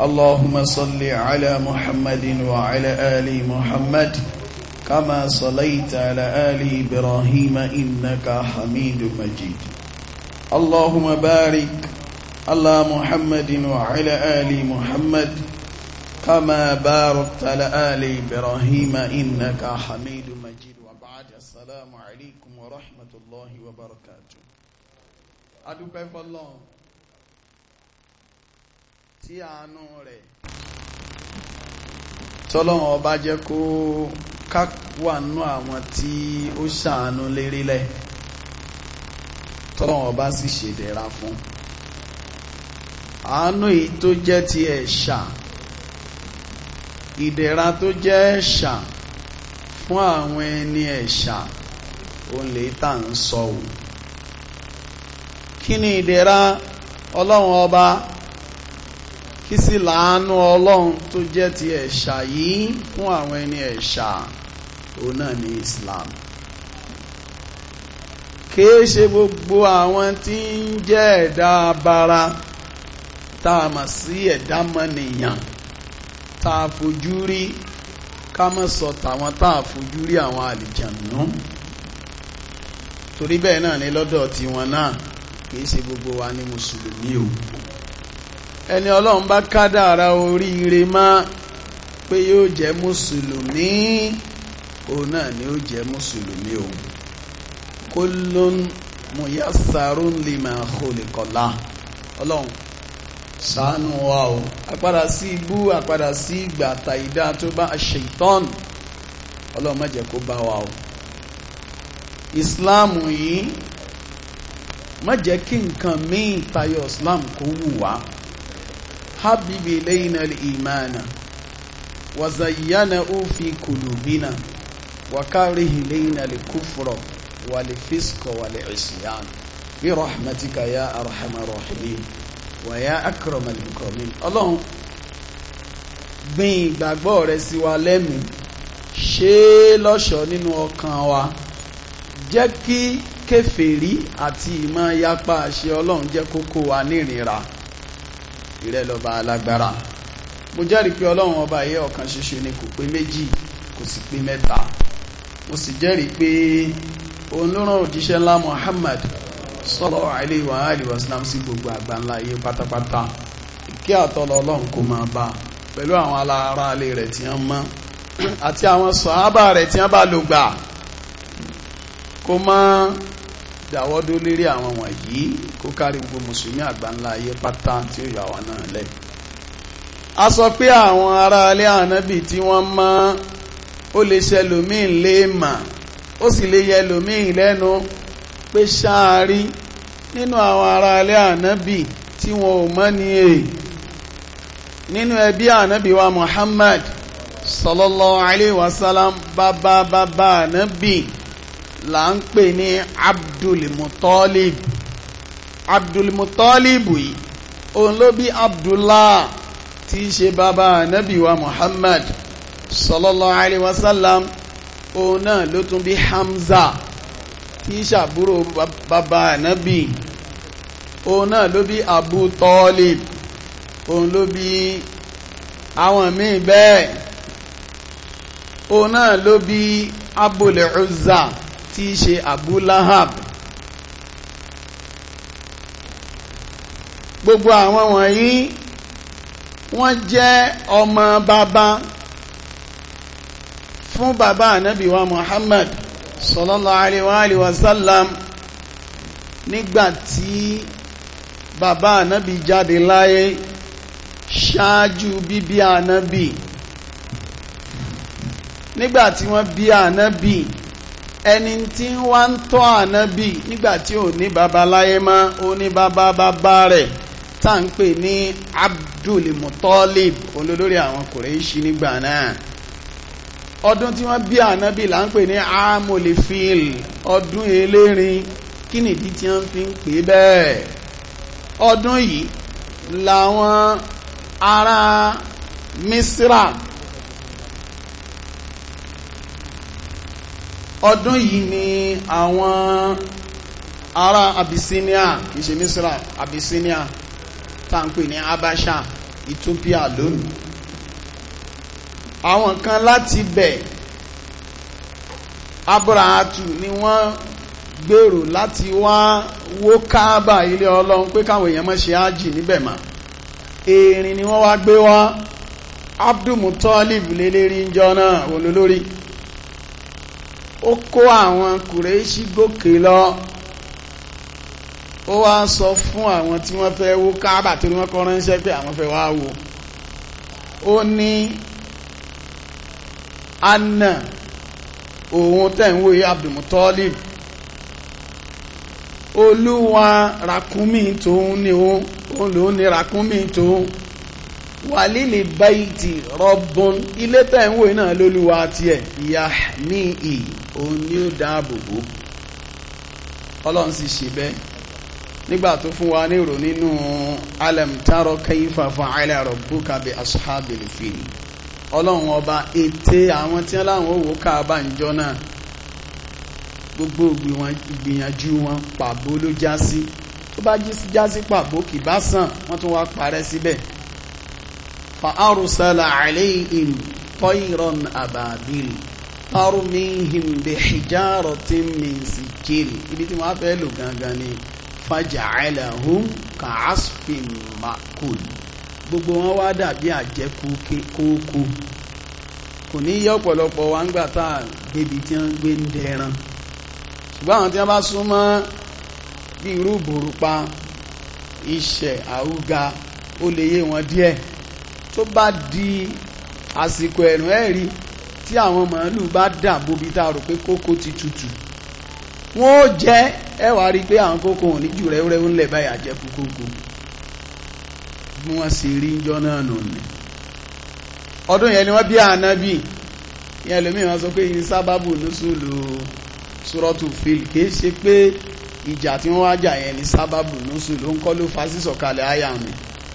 اللهم صل على محمد وعلى آل محمد كما صليت على آل إبراهيم إنك حميد مجيد اللهم بارك على محمد وعلى آل محمد كما باركت على آل إبراهيم إنك حميد مجيد وبعد السلام عليكم ورحمة الله وبركاته أدوك فالله tí àánú rẹ̀ tọ́lọ́wọ́n ọba jẹ́ kó wà nú àwọn tí ó ṣàánú lérílẹ̀ tọ́lọ́wọ́n ọba sì ṣèdẹ̀ra fún àánú yìí tó jẹ́ ti ẹ̀ṣà ìdẹ̀ra tó jẹ́ ẹ̀ṣà fún àwọn ẹni ẹ̀ṣà òun lè tà ń sọ ò kí ni ìdẹ̀ra ọlọ́run ọba kí sì láàánú ọlọ́run tó jẹ́ ti ẹ̀ṣà yìí fún àwọn ẹni ẹ̀ṣà òun náà ní Islam kìí ṣe gbogbo àwọn tí ń jẹ́ ẹ̀dá abara tá a mọ̀ sí ẹ̀dá mọ́nìyàn tá a fojú rí ká mọ̀ sọ tàwọn tá a fojú rí àwọn àlìjànú torí bẹ́ẹ̀ náà ní lọ́dọ̀ tiwọn náà kìí ṣe gbogbo wa ní mùsùlùmí o ẹni ọlọ́run bá kádàrá oríire má pé yóò jẹ́ mùsùlùmí òun náà ni ó jẹ́ mùsùlùmí òun kullun muyassarun lima khuliqa lah ọlọ́run ṣàánú wa o àpadà sí ibú àpadà sí ìgbà àtàìdá tó bá ṣètọ́n ọlọ́run má jẹ́ kó bá wa o ìsìláàmù yìí má jẹ́ kí nǹkan míì tayọ ìsìláàmù kó wù wá habib ilayna al-imana wa zayyanahu fi qulubina wa karih ilayna al-kufra wal-fisqa wal-isyan bi rahmatika ya arhamar rahimin wa ya akramal mukramin ọlọ́run gbin ìgbàgbọ́ rẹ̀ sí wa lẹ́mìí ṣe é lọ́ṣọ̀ọ́ nínú ọkàn wa jẹ́ kí kèfèrí àti ìmọ̀ yapa àṣẹ ọlọ́run jẹ́ kókó wa nírìíra ìrẹ́ lọ́ba alágbára mo jẹ́rìí pé ọlọ́run ọba yẹ ọ̀kan ṣoṣo ni kò pé méjì kò sì pé mẹ́ta mo sì jẹ́rìí pé òun ló rán òjíṣẹ́ ńlá Muhammad sallallahu alaihi wa alihi wasallam sí gbogbo àgbáńlá ayé pátápátá ìkẹ́ àtọ́lọ́ ọlọ́run kò máa bá pẹ̀lú àwọn alára alẹ́ rẹ̀ tí wọ́n mọ́ àti àwọn sọ̀hábà rẹ̀ tí wọ́n bá lò gbà kó má dáwọ́dó lérí àwọn wọ̀nyí kó kárí gbogbo mùsùlùmí àgbáńlá ayé pátá tí ó yà wá náà lẹ́yìn. a sọ pé àwọn ará ilé ànábì tí wọ́n mọ́ ó lè ṣẹlòmíì lè mà ó sì lè yẹ lòmíì lẹ́nu pé ṣáárí nínú àwọn ará ilé ànábì tí wọn ò mọ̀ ní èyí nínú ẹbí ànábì wa Muhammad sallallahu alayhi wa bàbá bàbá ànábì là ń pè ní Abdul Muttalib abdulmutalibu yìí òun ló bí abdullah tí í ṣe bàbá anabi wa muhammad sallallahu alayhi wa sallam òun náà ló tún bí hamza tí í ṣàbúrò bàbá anabi òun náà ló bí abu talib òun ló bí àwọn míì bẹ́ẹ̀ òun náà ló bí abul uzza tí ṣe abu lahab gbogbo àwọn wọ̀nyí wọ́n jẹ́ ọmọ bàbá fún bàbá ànábì wa Muhammad sallallahu alaihi wasallam. sallam nígbàtí bàbá ànábì jáde láyé ṣáájú bíbí ànábì nígbàtí wọ́n bí ànábì ẹni tí wọ́n ń tọ́ ànábì nígbàtí ò ní bàbá láyé mọ́ ó ní bàbá bàbá rẹ̀ tá ń pè ní Abdul Muttalib olólórí àwọn Kùrẹ́ṣì nígbà náà ọdún tí wọ́n bí ànábì là ń pè ní amòlèfil ọdún elérin kí nìdí tí wọ́n fi ń pè bẹ́ẹ̀ ọdún yìí làwọn ará Misra ọdún yìí ni àwọn ará Abyssinia kìí ṣe Misra Abyssinia tá ń pè ní Abasha Ethiopia lónìí àwọn kan láti bẹ̀ Abrahatu ni wọ́n gbèrò láti wá wó Káàbà ilé Ọlọ́run pé káwọn èèyàn má ṣe ájì níbẹ̀ mọ́ erin ni wọ́n wá gbé wá Abdulmutalib lélẹ́rí ń jọ náà olólórí ó kó àwọn Kùrẹ́ṣì gòkè lọ ó wá sọ fún àwọn tí wọ́n fẹ́ wó káàbà tí wọ́n kọ́ ránṣẹ́ pé àwọn fẹ́ wá wò ó ní anna òun tẹ̀wé abdulmutalib olúwa ràkúnmí tòun ni ó olùhún ni rakumi tòun wàlílì báyìtì rọ́bùn ilé tẹ̀wé náà lólúwa tiẹ̀ ìyá ní ì òun ni ó dáàbò bò ọlọ́run sì ṣe bẹ́ẹ̀ nígbà tó fún wa ní ìrò nínú alam taro kayfa fa'ala rabbuka bi ashabil fil ọlọ́run ọba ète àwọn tí láwọn òwò káàbà ń jọ náà gbogbo ìgbìyànjú wọn pàbó ló já sí tó bá já sí pàbó kì bá sàn wọ́n tún wá parẹ́ síbẹ̀ fa arsala alayhim tayran ababil tarmihim bi hijaratin min sijil ibi tí wọ́n á fẹ́ lò gangan ni fàjàáìlàhùn kàásfin makul gbogbo wọn wá dàbí àjẹkù kókó kò ní yẹ ọ̀pọ̀lọpọ̀ wa ń gbà tá a débi tí wọ́n gbé ń dẹran ṣùgbọ́n àwọn tí wọ́n bá súnmọ́ bí irú bòrùpa iṣẹ́ àwùga ó lè yé wọn díẹ̀ tó bá di àsìkò ẹ̀rùn ẹ̀rí tí àwọn màálù bá dà bóbi tá a rò pé kókó ti tutù wọ́n ó jẹ́ ẹ wá rí pé àwọn kókó òní jù rẹ́wúrẹ́wú ńlẹ̀ báyìí àjẹkù kókó bí wọ́n sì rí ń náà nù ní ọdún yẹn ni wọ́n bí ànábì yẹn lómi wọn sọ pé yìí sábàbù nùsùlù sùrọ́tù fìlì kì í ṣe pé ìjà tí wọ́n wá jà yẹn ni sábàbù nùsùlù ń kọ́ ló fa sísọ̀kalẹ̀ àyà mi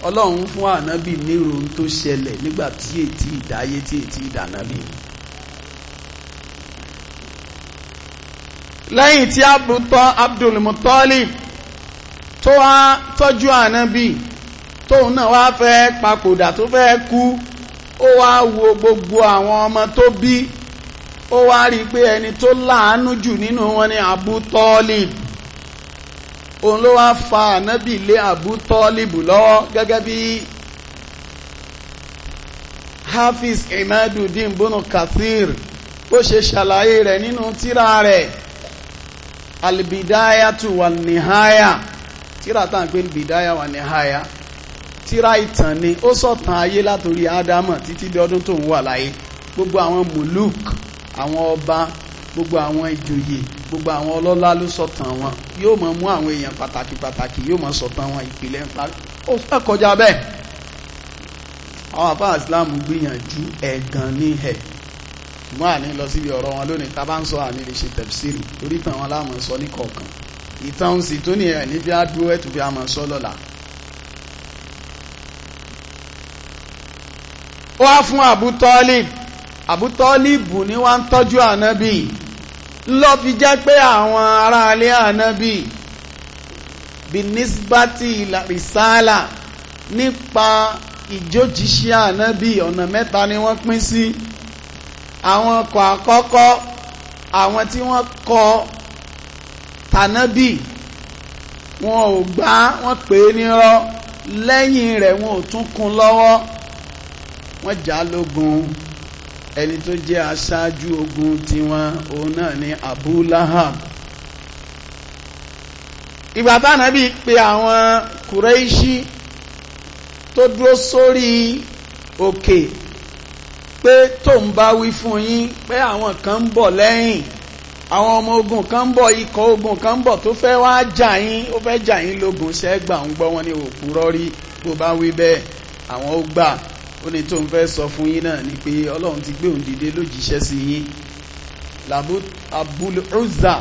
ọlọ́run fún ànábì nírò tó ṣẹlẹ̀ nígbà tí ètí ìdáyé tí ètí ìdánábì ni. lẹ́yìn tí abutọ́ Abdul Muttalib tó wá tọ́jú ànábì tóun náà wá fẹ́ papòdà tó fẹ́ kú ó wá wo gbogbo àwọn ọmọ tó bí ó wá rí i pé ẹni tó láàánú jù nínú wọn ni Abu òun ló wá fa ànábì lé Abu Talib lọ́wọ́ gẹ́gẹ́ bí Hafiz Imaduddin bunu Kathir bó ṣe ṣàlàyé rẹ̀ nínú tírà rẹ̀ albidayatu wa nihaya tíra tá à ń pè albidaya wa nihaya tíra ìtàn ni ó sọ̀tàn ayé látòrí ádámọ̀ títí di ọdún tó ń wà láyé gbogbo àwọn muluk àwọn ọba gbogbo àwọn ìjòyè gbogbo àwọn ọlọ́lá ló sọ̀tàn wọn yóò mọ̀ mú àwọn èèyàn pàtàkì pàtàkì yóò mọ̀ sọ̀tàn wọn ìpìlẹ̀ ń parí ó fẹ́ kọjá bẹ́ẹ̀ àwọn àfáà islam gbìyànjú ẹ̀gàn ní ẹ̀ ṣùgbọ́n àní lọ síbi ọ̀rọ̀ wọn lónìí tá bá ń sọ àní lè ṣe tẹ̀síìrì torí tàn wọn láàmú sọ ní kọ̀ọ̀kan ìtàn sì tó ní ẹ̀ níbi àdúró ẹ̀tù bí a mọ̀ sọ lọ́la. ó wá fún àbútọ́lìb àbútọ́lìbù ni wọ́n ń tọ́jú ànábì lọ́ fi jẹ́ pé àwọn aráalé ànábì binisbati risala nípa ìjójìṣẹ́ ànábì ọ̀nà mẹ́ta ni wọ́n pín sí. Si àwọn ọkọ̀ àkọ́kọ́ àwọn tí wọ́n kọ tànábì wọn ò gbá wọn pè é nírọ́ lẹ́yìn rẹ̀ wọn ò tún kún lọ́wọ́ wọ́n já lógun ẹni tó jẹ́ aṣáájú ogun tiwọn òun náà ni Abu ìgbà tànábì pe àwọn kureishi, tó dúró sórí òkè. Okay pé tóun bá wí fún yín pé àwọn kan ń bọ̀ lẹ́yìn àwọn ọmọ ogun kan ń bọ̀ ikọ̀ ogun kan ń bọ̀ tó fẹ́ wá jà yín ó fẹ́ jà yín lógun ṣẹ́gbà ń gbọ́ wọn ní òpùrọ́ rí bó bá wí bẹ́ẹ̀ àwọn ó gbà ó ní tóun fẹ́ sọ fún yín náà ni pé ọlọ́run ti gbé òun dìde lójíṣẹ́ sí yín làbú abúlé rúzà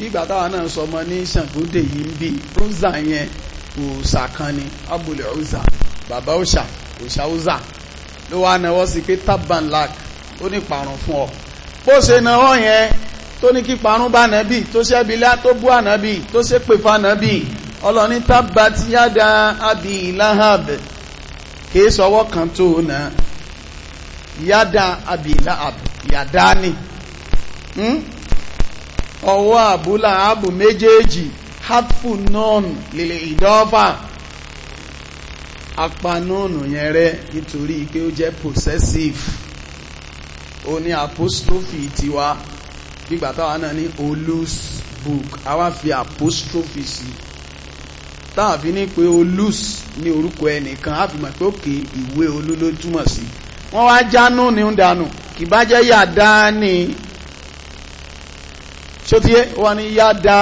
nígbà táwọn náà sọ ọmọ ní ṣàǹgódè yìí ń bí rúzà yẹn òòṣà kan ni abúlé bàbá òòṣà òòṣà òòṣà ló wá náwọ́ sí pé taban lak ó ní parun fún ọ bó ṣe náwọ́ yẹn tó ní kí parun bá nàbì tó ṣẹ́bi lá tó bú ànàbì tó ṣe pè fànàbì ọlọ́ni tabat yada abi lahab kìí sọwọ́ kan tó na yada abi lahab yàdá ni hmm? ọwọ́ àbúlà ààbò méjèèjì hatful non lè ìdọ́fà apanóònù yẹn rẹ nítorí pé ó jẹ́ possessive ó ní apostrophe tiwa nígbà táwa náà ní olus book àwa fi apostrophe sí táà ní pé olus ní orúkọ ẹnìkan á fi mọ̀ pé òkè ìwé olú ló túmọ̀ sí wọ́n wá jánú ní ń dànù kì bá jẹ́ yàdá ní ṣótíyé wọ́n ní yàdá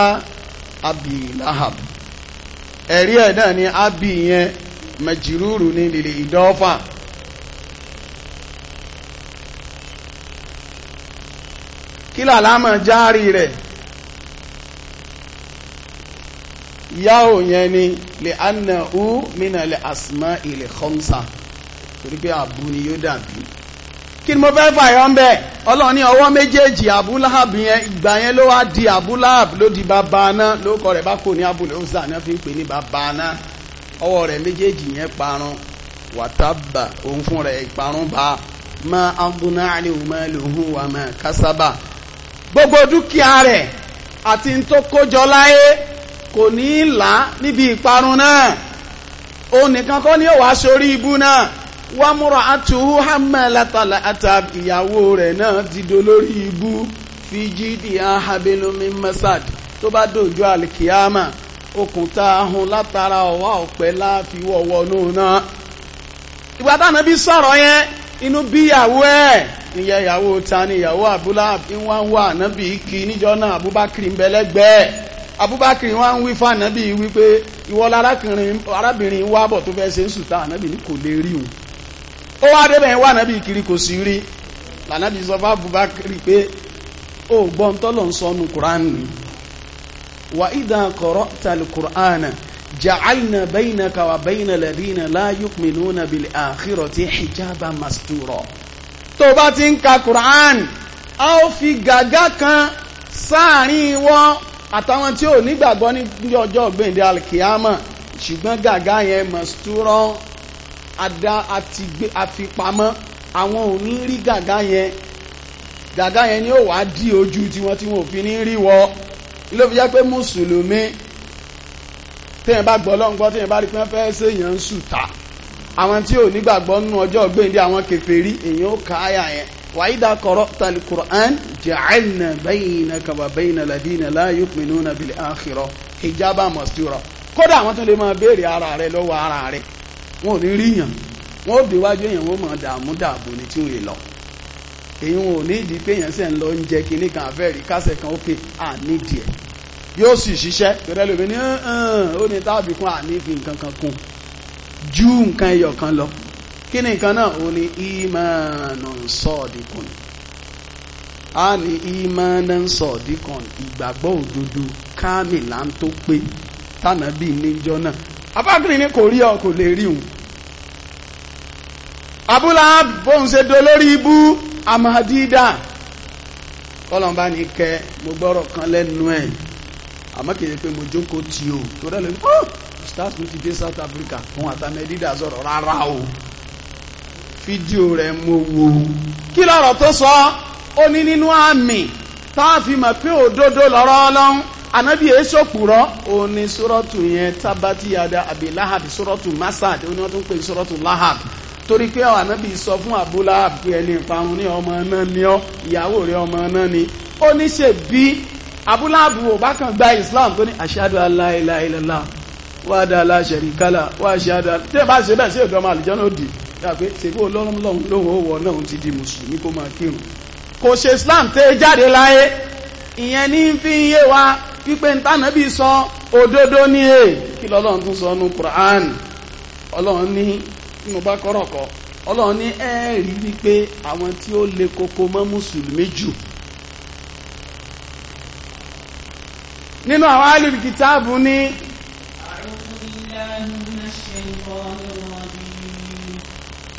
abilahab ẹ̀rí ẹ̀ náà ní abi yẹn mẹjìrúurù ní lèlè ìdọ́fà kí làlámọ̀ járí rẹ̀ yáò yẹn ni lè anà ú mínà lè àsìmá ilẹ̀ khamsa torí pé àbú ni yóò dàbí kí ni mo fẹ́ fàyọ́ ń bẹ́ ọlọ́run ní ọwọ́ méjèèjì abúláhàb yẹn ìgbà yẹn ló wá di abúláhàb ló di bàbá náà ló rẹ̀ bá kò ní abúlé ó sà náà fi ń pè ní bàbá náà ọwọ́ rẹ̀ méjèèjì yẹn parun wàtábà òun fún rẹ̀ ìparun bá ma abúná àlèhùnmá lòhùn wà má kásábà gbogbo dúkìá rẹ̀ àti tó kójọ láyé kò ní là níbi ìparun náà òun nìkan kọ́ ni ó wàá sórí ibú náà wà múra àtúhù hàmà látàlà àtàb ìyàwó rẹ̀ náà ti dolórí ibú fíjì dìá habelomi masad tó bá dòjú àlìkíyàmà okùn tá hun látara ọ̀wá ọ̀pẹ láti wọ̀wọ̀ náà náà ìgbà táwọn bí sọ̀rọ̀ yẹn inú bí ìyàwó ẹ̀ ìyẹ ìyàwó ta ni ìyàwó abúlá wá ń wá kí níjọ́ náà abúbákiri abúbákiri ń wí fún ànábì wípé arábìnrin bọ̀ tó ṣe ń sùtà ànábì ní kò kiri kò sí rí sọ fún abúbákiri pé ó tọ́lọ̀ ń kúránì وَإِذَا قَرَأْتَ qara'ta جَعَلْنَا بَيْنَكَ وَبَيْنَ الَّذِينَ لَا bayna بِالْآخِرَةِ حِجَابًا مَسْتُورًا bil akhirati hijaban mastura tó bá ti ń ka Qur'an a ó fi gàgá kan sáàrin wọn àtàwọn tí ò nígbàgbọ́ ní ọjọ́ ọ̀gbìndé alkiyama ṣùgbọ́n gàgá yẹn mastura adá àfipamọ́ àwọn ò ní rí gàgá yẹn gàgá yẹn ni ó wàá di ojú tiwọn tí wọn ò fi ní rí wọ ló fi jẹ́ pé mùsùlùmí téèyàn bá gbọ́ Ọlọ́run gbọ́ téèyàn bá rí pé wọ́n fẹ́ ṣèyàn ń sùtà àwọn tí ò nígbàgbọ́ nínú ọjọ́ gbèǹde àwọn kèfèrí èyàn ó ka àyà yẹn wàyídà kọ̀rọ̀ tàlí Qur'an ja'alna baynaka wa bayna ladina la yu'minuna bil akhirah hijaba mastura kódà àwọn tó lè máa béèrè ara rẹ lọ́wọ́ ara rẹ wọn ò ní ríyàn wọn ò déwájú èèyàn wọn ò máa dààmú dààbò ní tí ó yẹ lọ. èyí wọn ò ní ìdí pé èèyàn sì ń lọ oúnjẹ kìíní kan àfẹ́rí kásẹ̀ kan ó pè yóò sì ṣiṣẹ́ tẹ́lẹ̀ lómi ní ó ní táàbì kún àníbi nǹkan kan kún ju nǹkan ẹyọ kan lọ kí ni nǹkan náà ó ní ìmọ̀ọ́nà sọ̀ọ́dìkùn á ní ìmọ̀ọ́nà sọ̀ọ́dìkùn ìgbàgbọ́ òdodo kámìlà ń tó pé tànàbí níjọ́ náà abákùnrin ni kò rí ọ kò lè rí òun abúlá bóun ṣe dolórí ibú amahadida kọ́lọ́mbà ní kẹ́ mo gbọ́rọ̀ kan lẹ́nu ẹ̀ àmọ́ kì í ṣe pé mo jókòó tì o tó rẹ̀ lórí oh stars mo ti dé South Africa fún àtàmẹ́dídà sọ̀rọ̀ rárá o fídíò rẹ̀ mo wò ó kí lọ́rọ̀ tó sọ ó ní nínú àmì tá a fi mọ̀ pé òdodo lọ́rọ̀ ọlọ́run anabi èso kùrọ̀ òní sọ́rọ̀tù yẹn tábàtìyàdà àbí láhàbì sọ́rọ̀tù masad ó ní wọ́n tún pè sọ́rọ̀tù láhàbì torí pé àwọn ànábì sọ fún àbúlá àbúkú ẹni ìparun ní ọmọ náà ní ọ ìyàwó rẹ̀ ọmọ náà ni ó ní ṣe bí àbúlá àbúrò bá kàn gba islam tó ní ashadu alla ilaha illallah wàdà aláṣẹ̀rí kálà wà ṣáàdà tí ẹ bá ṣe bẹ́ẹ̀ sí ọ̀dọ́ máa lìjọ́ náà dì dàgbé islam tẹ́ jáde láyé ìyẹn ní fi ń yé wa pípé ń tànà bí sọ e. ọlọ́run ní nínú bá kọ́rọ̀ kọ́ ọlọ́run ní ẹ́ẹ̀rí wípé àwọn tí ó le koko mọ́ mùsùlùmí jù nínú àwọn alùkìtàbù ní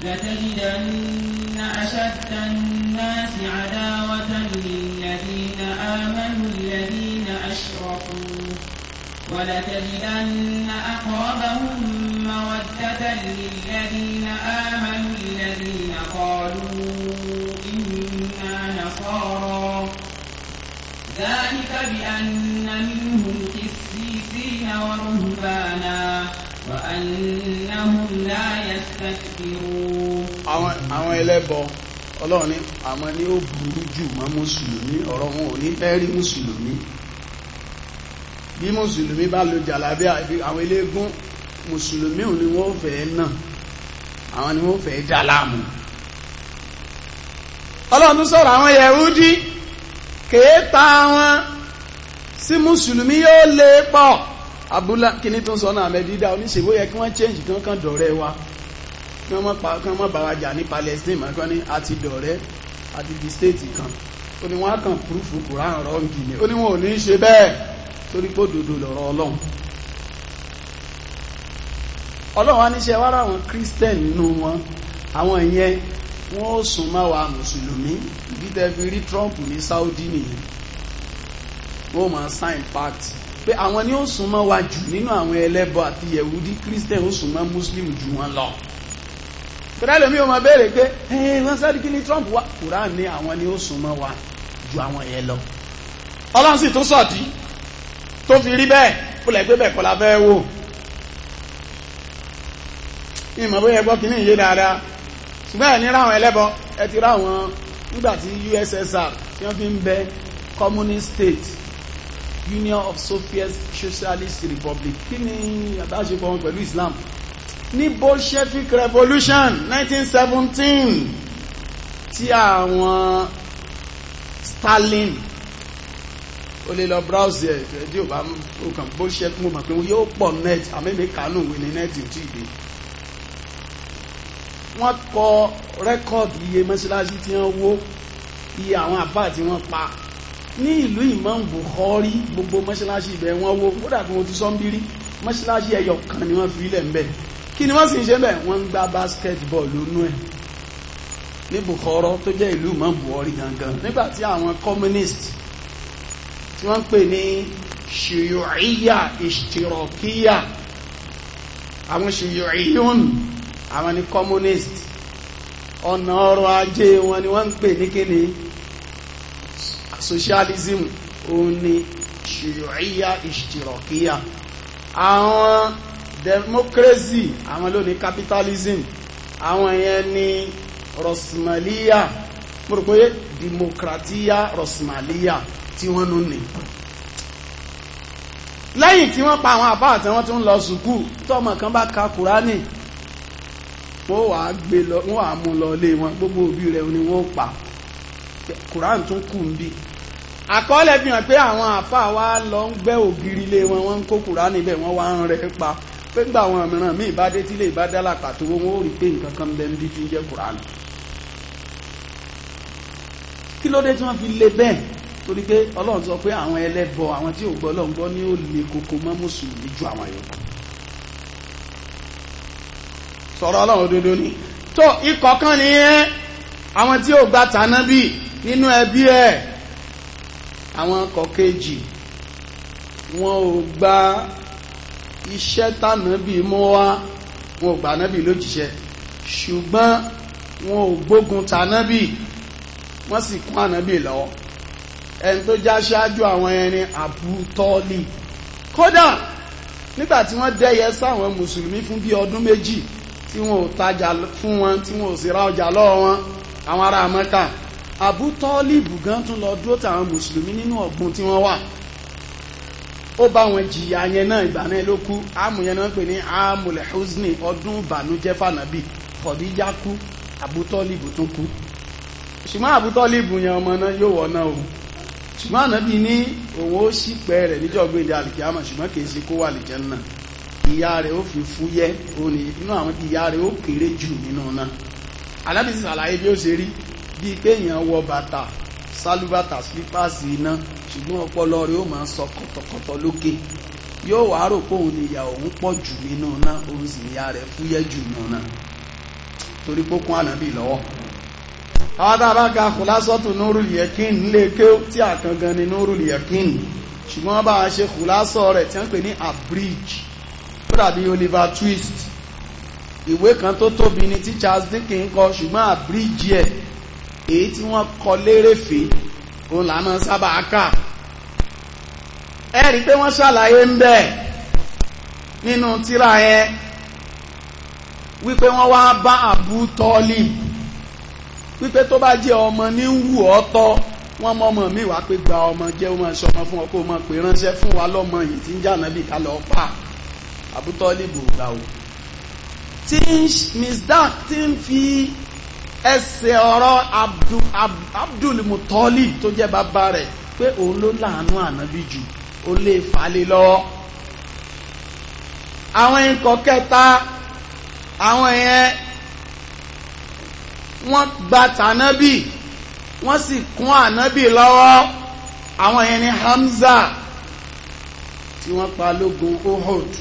لتجدن أشد الناس عداوة للذين آمنوا الذين أشركوا ولتجدن أقربهم مودة للذين آمنوا الذين قالوا إنا نصارى ذلك بأن منهم قسيسين ورهبانا وأنهم لا يستكبرون àwọn ẹlẹ́bọ ni ó burú jù mọ́ mùsùlùmí ọ̀rọ̀ wọn ò ní fẹ́ rí mùsùlùmí bí mùsùlùmí bá lo jàlábíà àwọn eléégún mùsùlùmí ò ní wọ́n fẹ́ náà àwọn ni wọ́n fẹ́ dá láàmú ọlọ́run sọ̀rọ̀ àwọn yẹ̀húdí kèéta wọn sí mùsùlùmí yóò lè pọ̀ abúlá kíní tó ń sọ náà mẹ́dídá oníṣègbè yẹ kí wọ́n change kankan dọ̀rẹ́ wa kí wọ́n mọ̀ bá wa jà ní Palestine mọ́ ní àti dọ̀rẹ́ àti di state kan ó ní wọ́n á kàn púrúfù kùrán rọ́ǹgì ni ó ní wọn ò ní ṣe bẹ́ẹ̀ torí pé òdodo lọ̀rọ̀ ọlọ́run ọlọ́run á níṣẹ́ wá ráwọn christian nínú wọn àwọn ìyẹn wọ́n ó sùn máa wà mùsùlùmí ìdí fi rí trump ní saudi nìyẹn wọ́n máa sign pact pé àwọn ni ó sùn mọ́ wa jù nínú àwọn ẹlẹ́bọ àti yẹ̀wúdí christian ó sùn mọ́ muslim jù wọn lọ kìrẹ́lẹ̀ mi ò béèrè pé wọ́n sáré kí ni trump wá kùrán ní àwọn ni ó sùn mọ́ wa ju àwọn yẹn lọ ọlọ́run sì tún sọ̀dí tó fi rí bẹ́ẹ̀ ó lẹ̀ gbé bẹ́ẹ̀ kọ́ la fẹ́ wò ìmọ̀ bóyá gbọ́ kínní yé dáadáa ṣùgbọ́n ẹ̀ ní ráwọn ẹlẹ́bọ ẹ ti ráwọn nígbà USSR tí wọ́n fi ń bẹ communist state Union of Soviet Socialist Republic kí ni àbáṣepọ̀ wọn pẹ̀lú Islam ní Bolshevik Revolution 1917 tí àwọn Stalin o lè lọ browse ẹ̀ tí o bá o kàn bó ṣe mo mọ̀ pé yóò pọ̀ net àmẹ́mi kánú ìwé ní net tí ìgbé wọ́n kọ rẹ́kọ̀dì iye mọ́ṣáláṣí tí wọ́n wó iye àwọn àbá tí wọ́n pa ní ìlú Imam Bukhari gbogbo mọ́ṣáláṣí ibẹ̀ wọ́n wó kódà kí wọ́n ti sọ́ ń bírí mọ́ṣáláṣí ẹyọ kan ni wọ́n fi ilẹ̀ ń bẹ̀ kí ni wọ́n sì ń ṣe bẹ́ẹ̀ wọ́n ń gbá basketball lónú ẹ̀ ní Bukhara tó jẹ́ ìlú Imam Bukhari gangan nígbà tí àwọn communist tí wọ́n ń pè ní ṣùyùíyà ìṣtìrọ̀kíyà àwọn ṣùyùíyùn àwọn ni communist ọ̀nà ọrọ̀ ajé wọn ni wọ́n ń pè ní kíni socialism òun ni ṣùyùíyà ìṣtìrọ̀kíyà àwọn democracy àwọn ló ní capitalism àwọn yẹn ni rosmaliya mo rò pé democratia rosmaliya tí wọ́n nù ní lẹ́yìn tí wọ́n pa àwọn àbá àti wọ́n tún lọ sùkú tọ́mọ kan bá ka kùránì wọ́n wà gbé lọ wọ́n wà mú lọ lé wọn gbogbo òbí rẹ̀ ni wọ́n pa kùránì tún kù ń bí àkọọ́lẹ̀ fi hàn pé àwọn àfà wa lọ ń gbẹ́ ògiri lé wọn wọ́n ń kó kùránì bẹ́ẹ̀ wọ́n wá ń rẹ̀ pa pé gbà àwọn mìíràn míì bá dé tílé ìbá dá làpàtó wọn ó rí pé nǹkan kan bẹ́ẹ̀ ń bí tí ń jẹ́ kùránì kí ló dé tí wọ́n fi lé bẹ́ẹ̀ torí pé ọlọ́run sọ pé àwọn ẹlẹ́bọ àwọn tí ò gbọ́ ọlọ́run gbọ́ ní ó le koko mọ́ mùsùlùmí ju àwọn yòókù sọ̀rọ̀ ọlọ́run òdodo ni tó ikọ̀ kan nìyẹn àwọn tí ò gba tànábì nínú ẹbí ẹ̀ àwọn ikọ̀ kejì wọn ò gba iṣẹ́ tànábì mú wá wọn ò gba nábì lójíṣẹ́ ṣùgbọ́n wọn ò gbógun tànábì wọ́n sì kún ànábì lọ́wọ́ ẹni tó já ṣáájú àwọn ẹni àbútọ́ọ̀lì kódà nígbà tí wọ́n dẹ́yẹ sáwọn mùsùlùmí fún bí ọdún méjì tí wọn ò tajà fún wọn tí wọn ò sì ra ọjà lọ́wọ́ wọn àwọn ará mẹ́ta àbútọ́ọ̀lìbù gan tún lọ dúró tàwọn mùsùlùmí nínú ọ̀gbun tí wọ́n wà ó bá wọn jìyà yẹn náà ìgbà náà ló kú áàmù yẹn náà pè ní áàmùlẹ̀ húsnì ọdún ìbànújẹ́ fànàbì kọ̀díjá kú àbútọ́ọ̀lìbù tó kú ṣùgbọ́n àbútọ́ọ̀lìbù yẹn ọmọ náà yóò wọ̀ náà o ṣùgbọ́n ànábì ní òun ó sì pẹ́ rẹ̀ níjọ́ gbéde àlìkíyàmọ̀ ṣùgbọ́n kìí ṣe kó wà lè jẹ́nà ìyà rẹ̀ ó fi fúyẹ́ òní inú àwọn ìyà rẹ̀ ó kéré jù nínú náà ànábì sì ṣàlàyé bí ó ṣe rí bíi pé èèyàn wọ bàtà sálúbàtà sípàsì iná ṣùgbọ́n ọpọlọ rẹ̀ ó máa sọ kọ̀tọ̀kọ̀tọ̀ lókè yóò wá rò pé òun ìyà òun pọ̀ jù nínú náà òun sì ìyà rẹ̀ fúyẹ́ jù nínú náà torí pókún ànábì lọ́wọ́ àwọn tá a bá ka kùlásọ́tù nórùlì yẹ̀kín lè ké tí àkàngan ni nórùlì yẹ̀kín ṣùgbọ́n bá a ṣe kùlásọ́ rẹ̀ tí wọ́n pè ní abridge ó dàbí Oliver Twist ìwé kan tó tóbi ni tí Charles Dickens kọ ṣùgbọ́n abridge ẹ̀ èyí tí wọ́n kọ lérèfé òun là máa sábà kà ẹ rí i pé wọ́n ṣàlàyé ń bẹ̀ nínú tírà yẹn wípé wọ́n wá bá àbú tọ́lì wípé tó bá jẹ́ ọmọ ní wù ọ́ tọ́ wọ́n mọ ọmọ mi wá pé gba ọmọ jẹ́ ọmọ ìṣọmọ fún ọ kó mọ̀ pé ránṣẹ́ fún wa lọ́mọ yìí tí ń jà náà bí ká lọ pa àbútọ́líbù gbà o tí miss dan ti ń fi ẹsẹ̀ ọ̀rọ̀ Abdul mutali tó jẹ́ bàbá rẹ̀ pé òun ló láàánú ànábì jù ó lè falẹ̀ lọ́wọ́ àwọn ikọ̀ kẹta àwọn yẹn wọ́n gba tànábì wọ́n sì kún ànábì lọ́wọ́ àwọn yẹn ni Hamza tí wọ́n pa lógun Uhud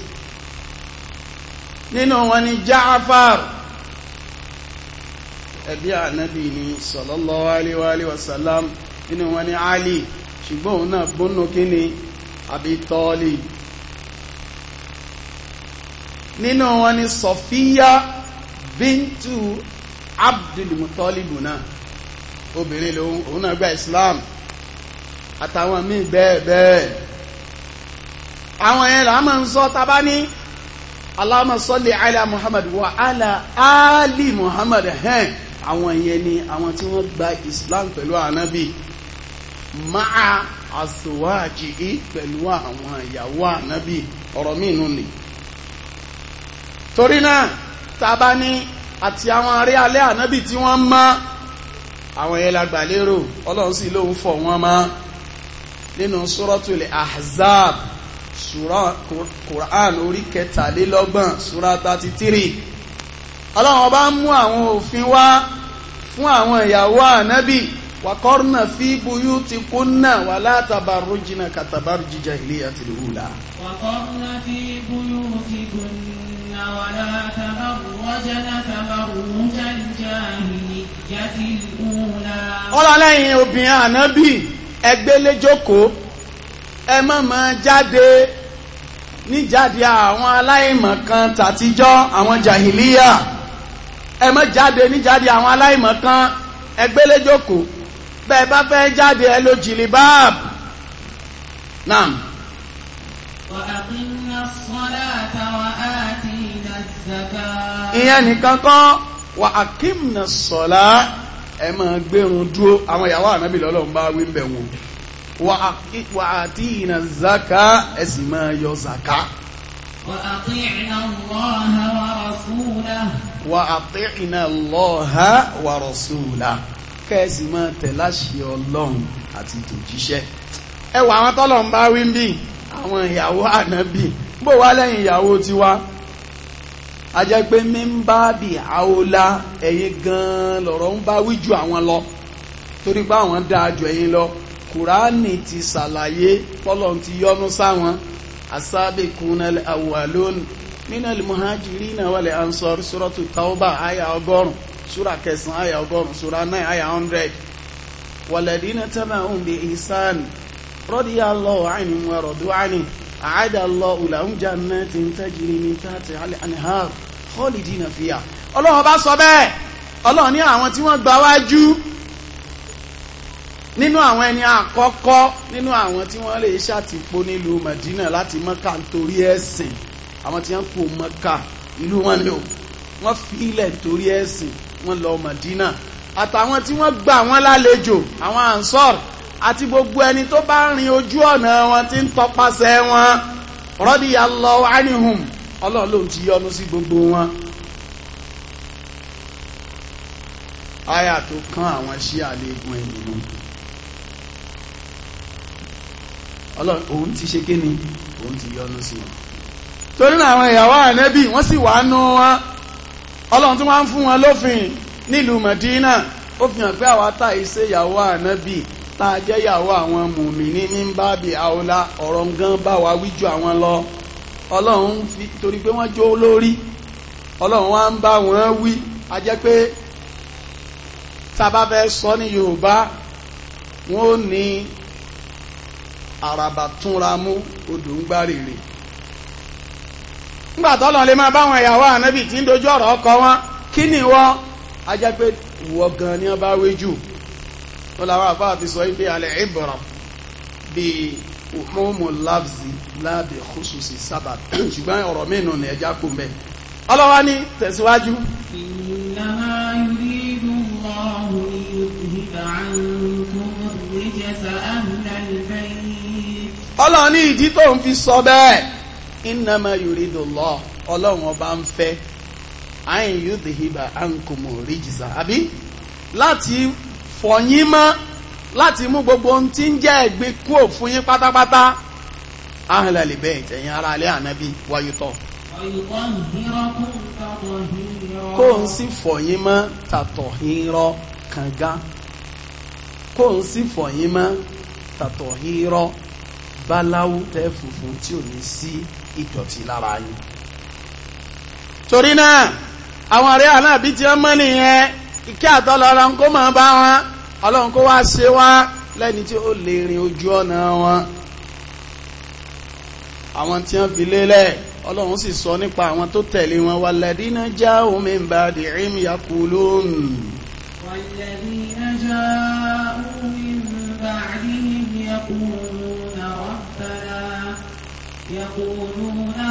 nínú wọn ni Jaafar ẹbí ànábì ni sallallahu alayhi wa sallam nínú wọn ni Ali ṣùgbọ́n òun náà gbónú kíni Abi Talib nínú wọn ni Sofiya bintu abdulmutalibu náà obìnrin lòun òun náà gba islam àtàwọn míì bẹ́ẹ̀ bẹ́ẹ̀ àwọn yẹn làá máa ń sọ tábà ní Allahumma salli ala muhammad wa ala ali muhammad hẹ́n àwọn yẹn ni àwọn tí wọ́n gba islam pẹ̀lú ànábì máa àsùwájì í pẹ̀lú àwọn ìyàwó ànábì ọ̀rọ̀ mìínú ni torí náà tábà ní àti àwọn aré alẹ́ ànábì tí wọ́n mọ́ àwọn yẹn lágbà lérò ọlọ́run sì lóun fọ̀ wọ́n mọ́ nínú suratul ahzab sura quran orí kẹtàlélọ́gbọ̀n sura thirty three ọlọ́run ọba ń mú àwọn òfin wá fún àwọn ìyàwó ànábì wàkọ́rùnà fi buyú ti kúnnà wà látàbàrú jìnà kàtàbàrú jíjà ilé wàkọ́rùnà fi buyú ti kúnnà. ولا تبرجن تبرج الجاهلية الأولى ọlọ́lẹ́yìn obìnrin ànábì ẹgbẹ́lẹ́jókòó ẹ má máa jáde níjáde àwọn aláìmọ̀kan tàtijọ́ àwọn jàhìlíyà ẹ má jáde níjáde àwọn aláìmọ̀kan ẹgbẹ́lẹ́jókòó bẹ́ẹ̀ bá fẹ́ jáde ẹ lo jìlìbáàbù náà. ìyẹn nìkan kọ́ wà ákímnà sọ̀lá ẹ máa gbérun dúró àwọn ìyàwó ànábì lọ́lọ́run bá wí bẹ̀ wò wà àti ìnà zaka ẹ sì máa yọ zaka. wà àti'na Allaha wa rasulahu. wà àti'na Allaha wa rasulahu kẹ́ẹ̀sì ọlọ́run àti tòjíṣẹ́ ẹwà àwọn tọ́lọ̀ ń bá wí ń bí àwọn ìyàwó ànábì bó wá lẹ́yìn ìyàwó tiwa a jẹ́ pé mímbáàbì àwòlá ẹ̀yin gan-an lọ̀rọ̀ ń bá wíjú àwọn lọ torí pé àwọn dáa jù ẹ̀yin lọ kùránì ti ṣàlàyé fọlọ́n ti yọ́nú sáwọn asábìkúnnẹ́lẹ̀ awwalun minal muhajirina wal ansar suratu tauba àyà ọgọ́rùn-ún súra kẹsàn-án àyà ọgọ́rùn-ún súra náà àyà hundred wàlẹ̀dínà tẹ́mà ń bi ìsàn radiyallahu anhum wa radu anhu náà ti ń tajiri ní tààtì al-anhar khalidina fiha ọlọ́run bá sọ bẹ́ẹ̀ ọlọ́run ní àwọn tí wọ́n gba wájú nínú àwọn ẹni àkọ́kọ́ nínú àwọn tí wọ́n lè ṣàtìpó nílùú Madina láti Mọ́kà nítorí ẹ̀sìn àwọn tí wọ́n kò Mọ́kà ìlú wọn ni o wọ́n fi nítorí ẹ̀sìn wọ́n lọ Madina àtàwọn tí wọ́n gbà wọ́n lálejò àwọn ansor àti gbogbo ẹni tó bá rin ojú ọ̀nà wọn tí ń tọpasẹ̀ wọn radiyallahu anhum ọlọ́run lòun ti yọ́nú sí gbogbo wọn àyà tó kán àwọn ṣí àléegun ènìyàn ọlọ́run òun ti ṣe kíni òun ti yọ́nú sí wọn torí náà àwọn ìyàwó ànẹ́bì wọ́n sì wà nù wọn ọlọ́run tí wọ́n ń fún wọn lófin nílùú Mẹ̀dínà ó fi hàn pé àwa tá ìṣe ìyàwó ànẹ́bì tá a jẹ́ ìyàwó àwọn mùmí ní ní bábí àwòlá ọ̀rọ̀ nǹkan bá wa wíjú àwọn lọ ọlọ́run fi torí pé wọ́n jó lórí ọlọ́run wá ń bá wọn wí a jẹ́ pé tábà fẹ́ sọ ní yorùbá wọn ò ní àràbà túnra mú odò ń gbá rèrè nígbà tọ́lọ́ lè máa báwọn ìyàwó ànábì tí ń dojú ọ̀rọ̀ ọkọ wọn kí ni wọ́n a jẹ́ pé wọ́n gan ni wọ́n bá wé jù ó làwọn àfáà ti sọ yìí pé alẹ́ ìbọ̀rọ̀ bíi òmùmù lábzì lábẹ̀ khususi sábàbí ṣùgbọ́n ọ̀rọ̀ mìíràn ni ẹja kò mẹ́ ọlọ́wà ní tẹ̀síwájú. ìnáwó yuridu Allahu yudhhiba ankum ọlọ́run ní ìdí tó ń fi sọ bẹ́ẹ̀ ìnáwó yuridu Allah ọlọ́run ọba ń fẹ́ àyìn yudhhiba ankum ar-rijsa àbí láti fọyín mọ́ láti mú gbogbo ohun tí ń jẹ́ ẹ̀gbin kúrò fún yín pátápátá ahìlẹ̀ lè bẹ́ẹ̀ tẹ̀yìn ara alẹ́ ànábì wáyútọ́. kó ń sì fọ̀ yín mọ́ tàtọ̀ yín rọ́ kànga kó ń sì fọ̀ yín mọ́ tàtọ̀ yín rọ́ báláwú tẹ́ funfun tí ò ní sí ìdọ̀tí lára yín. torí náà àwọn ará ànábì tí wọ́n mọ́ nìyẹn ìkẹ́ àtọ́lọ́ra ń kó máa bá wọn ọlọ́run kó wá ṣe wá lẹ́ni tí ó lè rin ojú ọ̀nà wọn àwọn tí wọ́n fi lélẹ̀ ọlọ́run sì sọ nípa àwọn tó tẹ̀lé wọn walladhina ja'u min ba'dihim yaqulun. walladhina ja'u min ba'dihim yaquluna rabbana yaquluna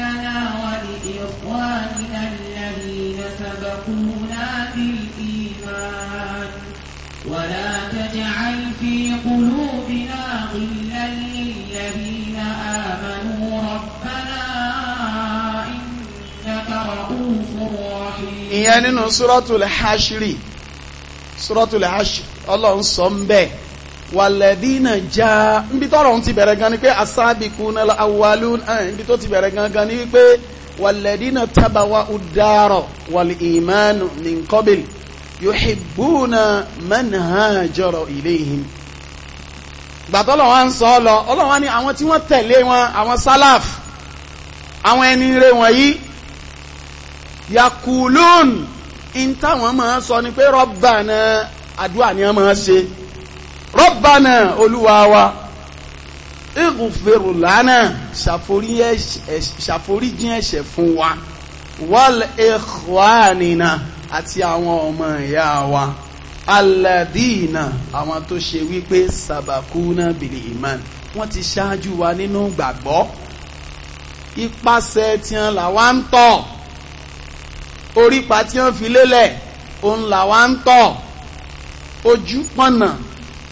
lana wa li ikhwanina alladhina sabaquna bil ولا تجعل في قلوبنا غلا للذين آمنوا ربنا إنك رؤوف رحيم يعني سورة الحشر سورة الحشر الله ọlọ́run sọ ń bẹ́ẹ̀ wàlẹ̀dínà já níbi tọ́rọ̀ ń ti bẹ̀rẹ̀ gan ni pé asábìkú náà awalún níbi tó ti bẹ̀rẹ̀ gan gan ni wípé wàlẹ̀dínà tábàwá udarọ̀ wàlẹ̀ ìmánu min qabli yuhibbuna man hajara ilayhim gbàtọ́ lọ́wọ́ ń sọ ọ́ lọ ọlọ́wọ́ ni àwọn tí wọ́n tẹ̀lé wọn àwọn sálàf àwọn ẹni rẹ̀ wọ̀nyí yakulun in táwọn máa sọ ni pé rọ́bànà àdúrà ni wọ́n máa ṣe rọ́bànà olúwa wa ìgùnfèrùlánà ṣàforíjìn ẹ̀ṣẹ̀ fún wa wal ikhwanina àti àwọn ọmọ ìyá wa aladina àwọn tó ṣe wípé sabakuna bìlì iman wọ́n ti ṣáájú wa nínú gbàgbọ́ ipasẹ̀ tiwọn làwa ń tọ̀ orípa tí wọ́n fi lélẹ̀ òun làwa ń tọ̀ ojú pọ̀nà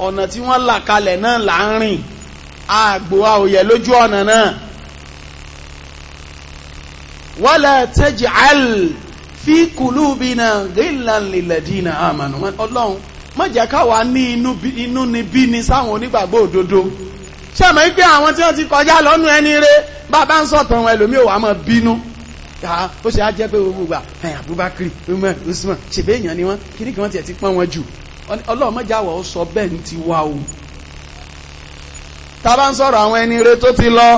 ọ̀nà tí wọ́n là kalẹ̀ náà là ń rìn àgbò a lójú ọ̀nà náà wala taj'al fi kulubina ghillan lilladina amanu ọlọ́run má jẹ́ káwa ní inú ni bí ni sáwọn onígbàgbọ́ òdodo ṣé mọ̀ pé àwọn tí wọ́n ti kọjá lọ́nu ẹni rẹ bàbá ń sọ̀tàn wọn ẹlòmíì wà á máa bínú ká ó ṣe á jẹ́ pé gbogbo gbà ẹ̀yìn Abubakar Umar Usman ṣèbí èèyàn ni wọ́n kíní kí wọ́n tiẹ̀ ti pọ́n wọn jù ọlọ́run má jẹ́ àwọ̀ ó sọ bẹ́ẹ̀ ní ti wá o tá a bá ń sọ̀rọ̀ àwọn ẹni rẹ tó ti lọ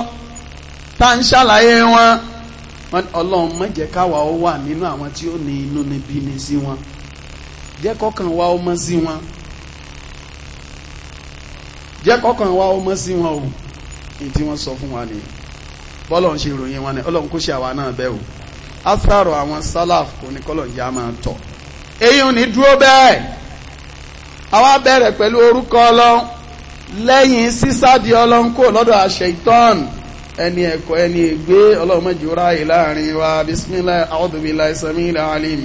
tá a ń ṣàlàyé wọn ọlọ́run má jẹ́ káwa ó wà nínú àwọn tí ó ní inú níbi ní sí wọn jẹ́ kọ́kàn wa ó mọ́ sí wọn jẹ́ kọ́kàn wa ó mọ́ sí wọn o èyí tí wọ́n sọ fún wa nìyẹn bọ́lọ̀ ń ṣe ìròyìn wọn ni ọlọ́run kó ṣe àwa náà bẹ́ẹ̀ o asaro àwọn salaf kò ní kọ́lọ̀ ìyá máa tọ̀ èyí ò ní dúró bẹ́ẹ̀ àwa bẹ̀rẹ̀ pẹ̀lú orúkọ ọlọ́run lẹ́yìn sísádi ọlọ́run kò lọ́dọ̀ àṣẹ ìtọ́nù ẹni ẹ̀kọ́ ẹni ègbé ọlọ́run má jẹ́ ó ráyè láàrin wa bisimilayi awọ́dùbílá ìsàmìlá alim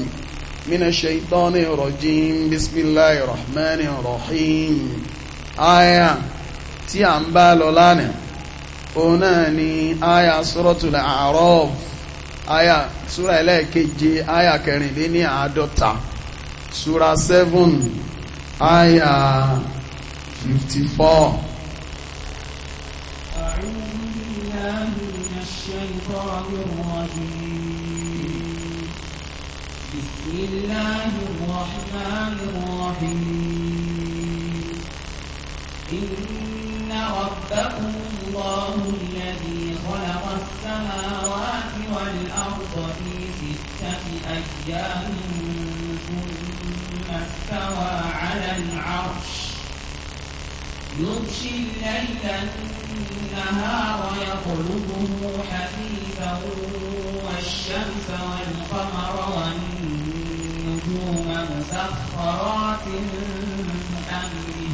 mina ṣeitọ́ni rọ̀jìn bisimilayi rahmani rahim aya tí a ń bá lọ lánàá òun náà ni aya suratul A'raf aya sura sura 7 aya 54. بالله من الشيطان الرجيم بسم الله الرحمن الرحيم إن ربكم الله الذي خلق السماوات والأرض في ستة أيام ثم استوى على العرش يغشي الليل النهار يطلبه حثيثا والشمس والقمر والنجوم مسخرات بأمره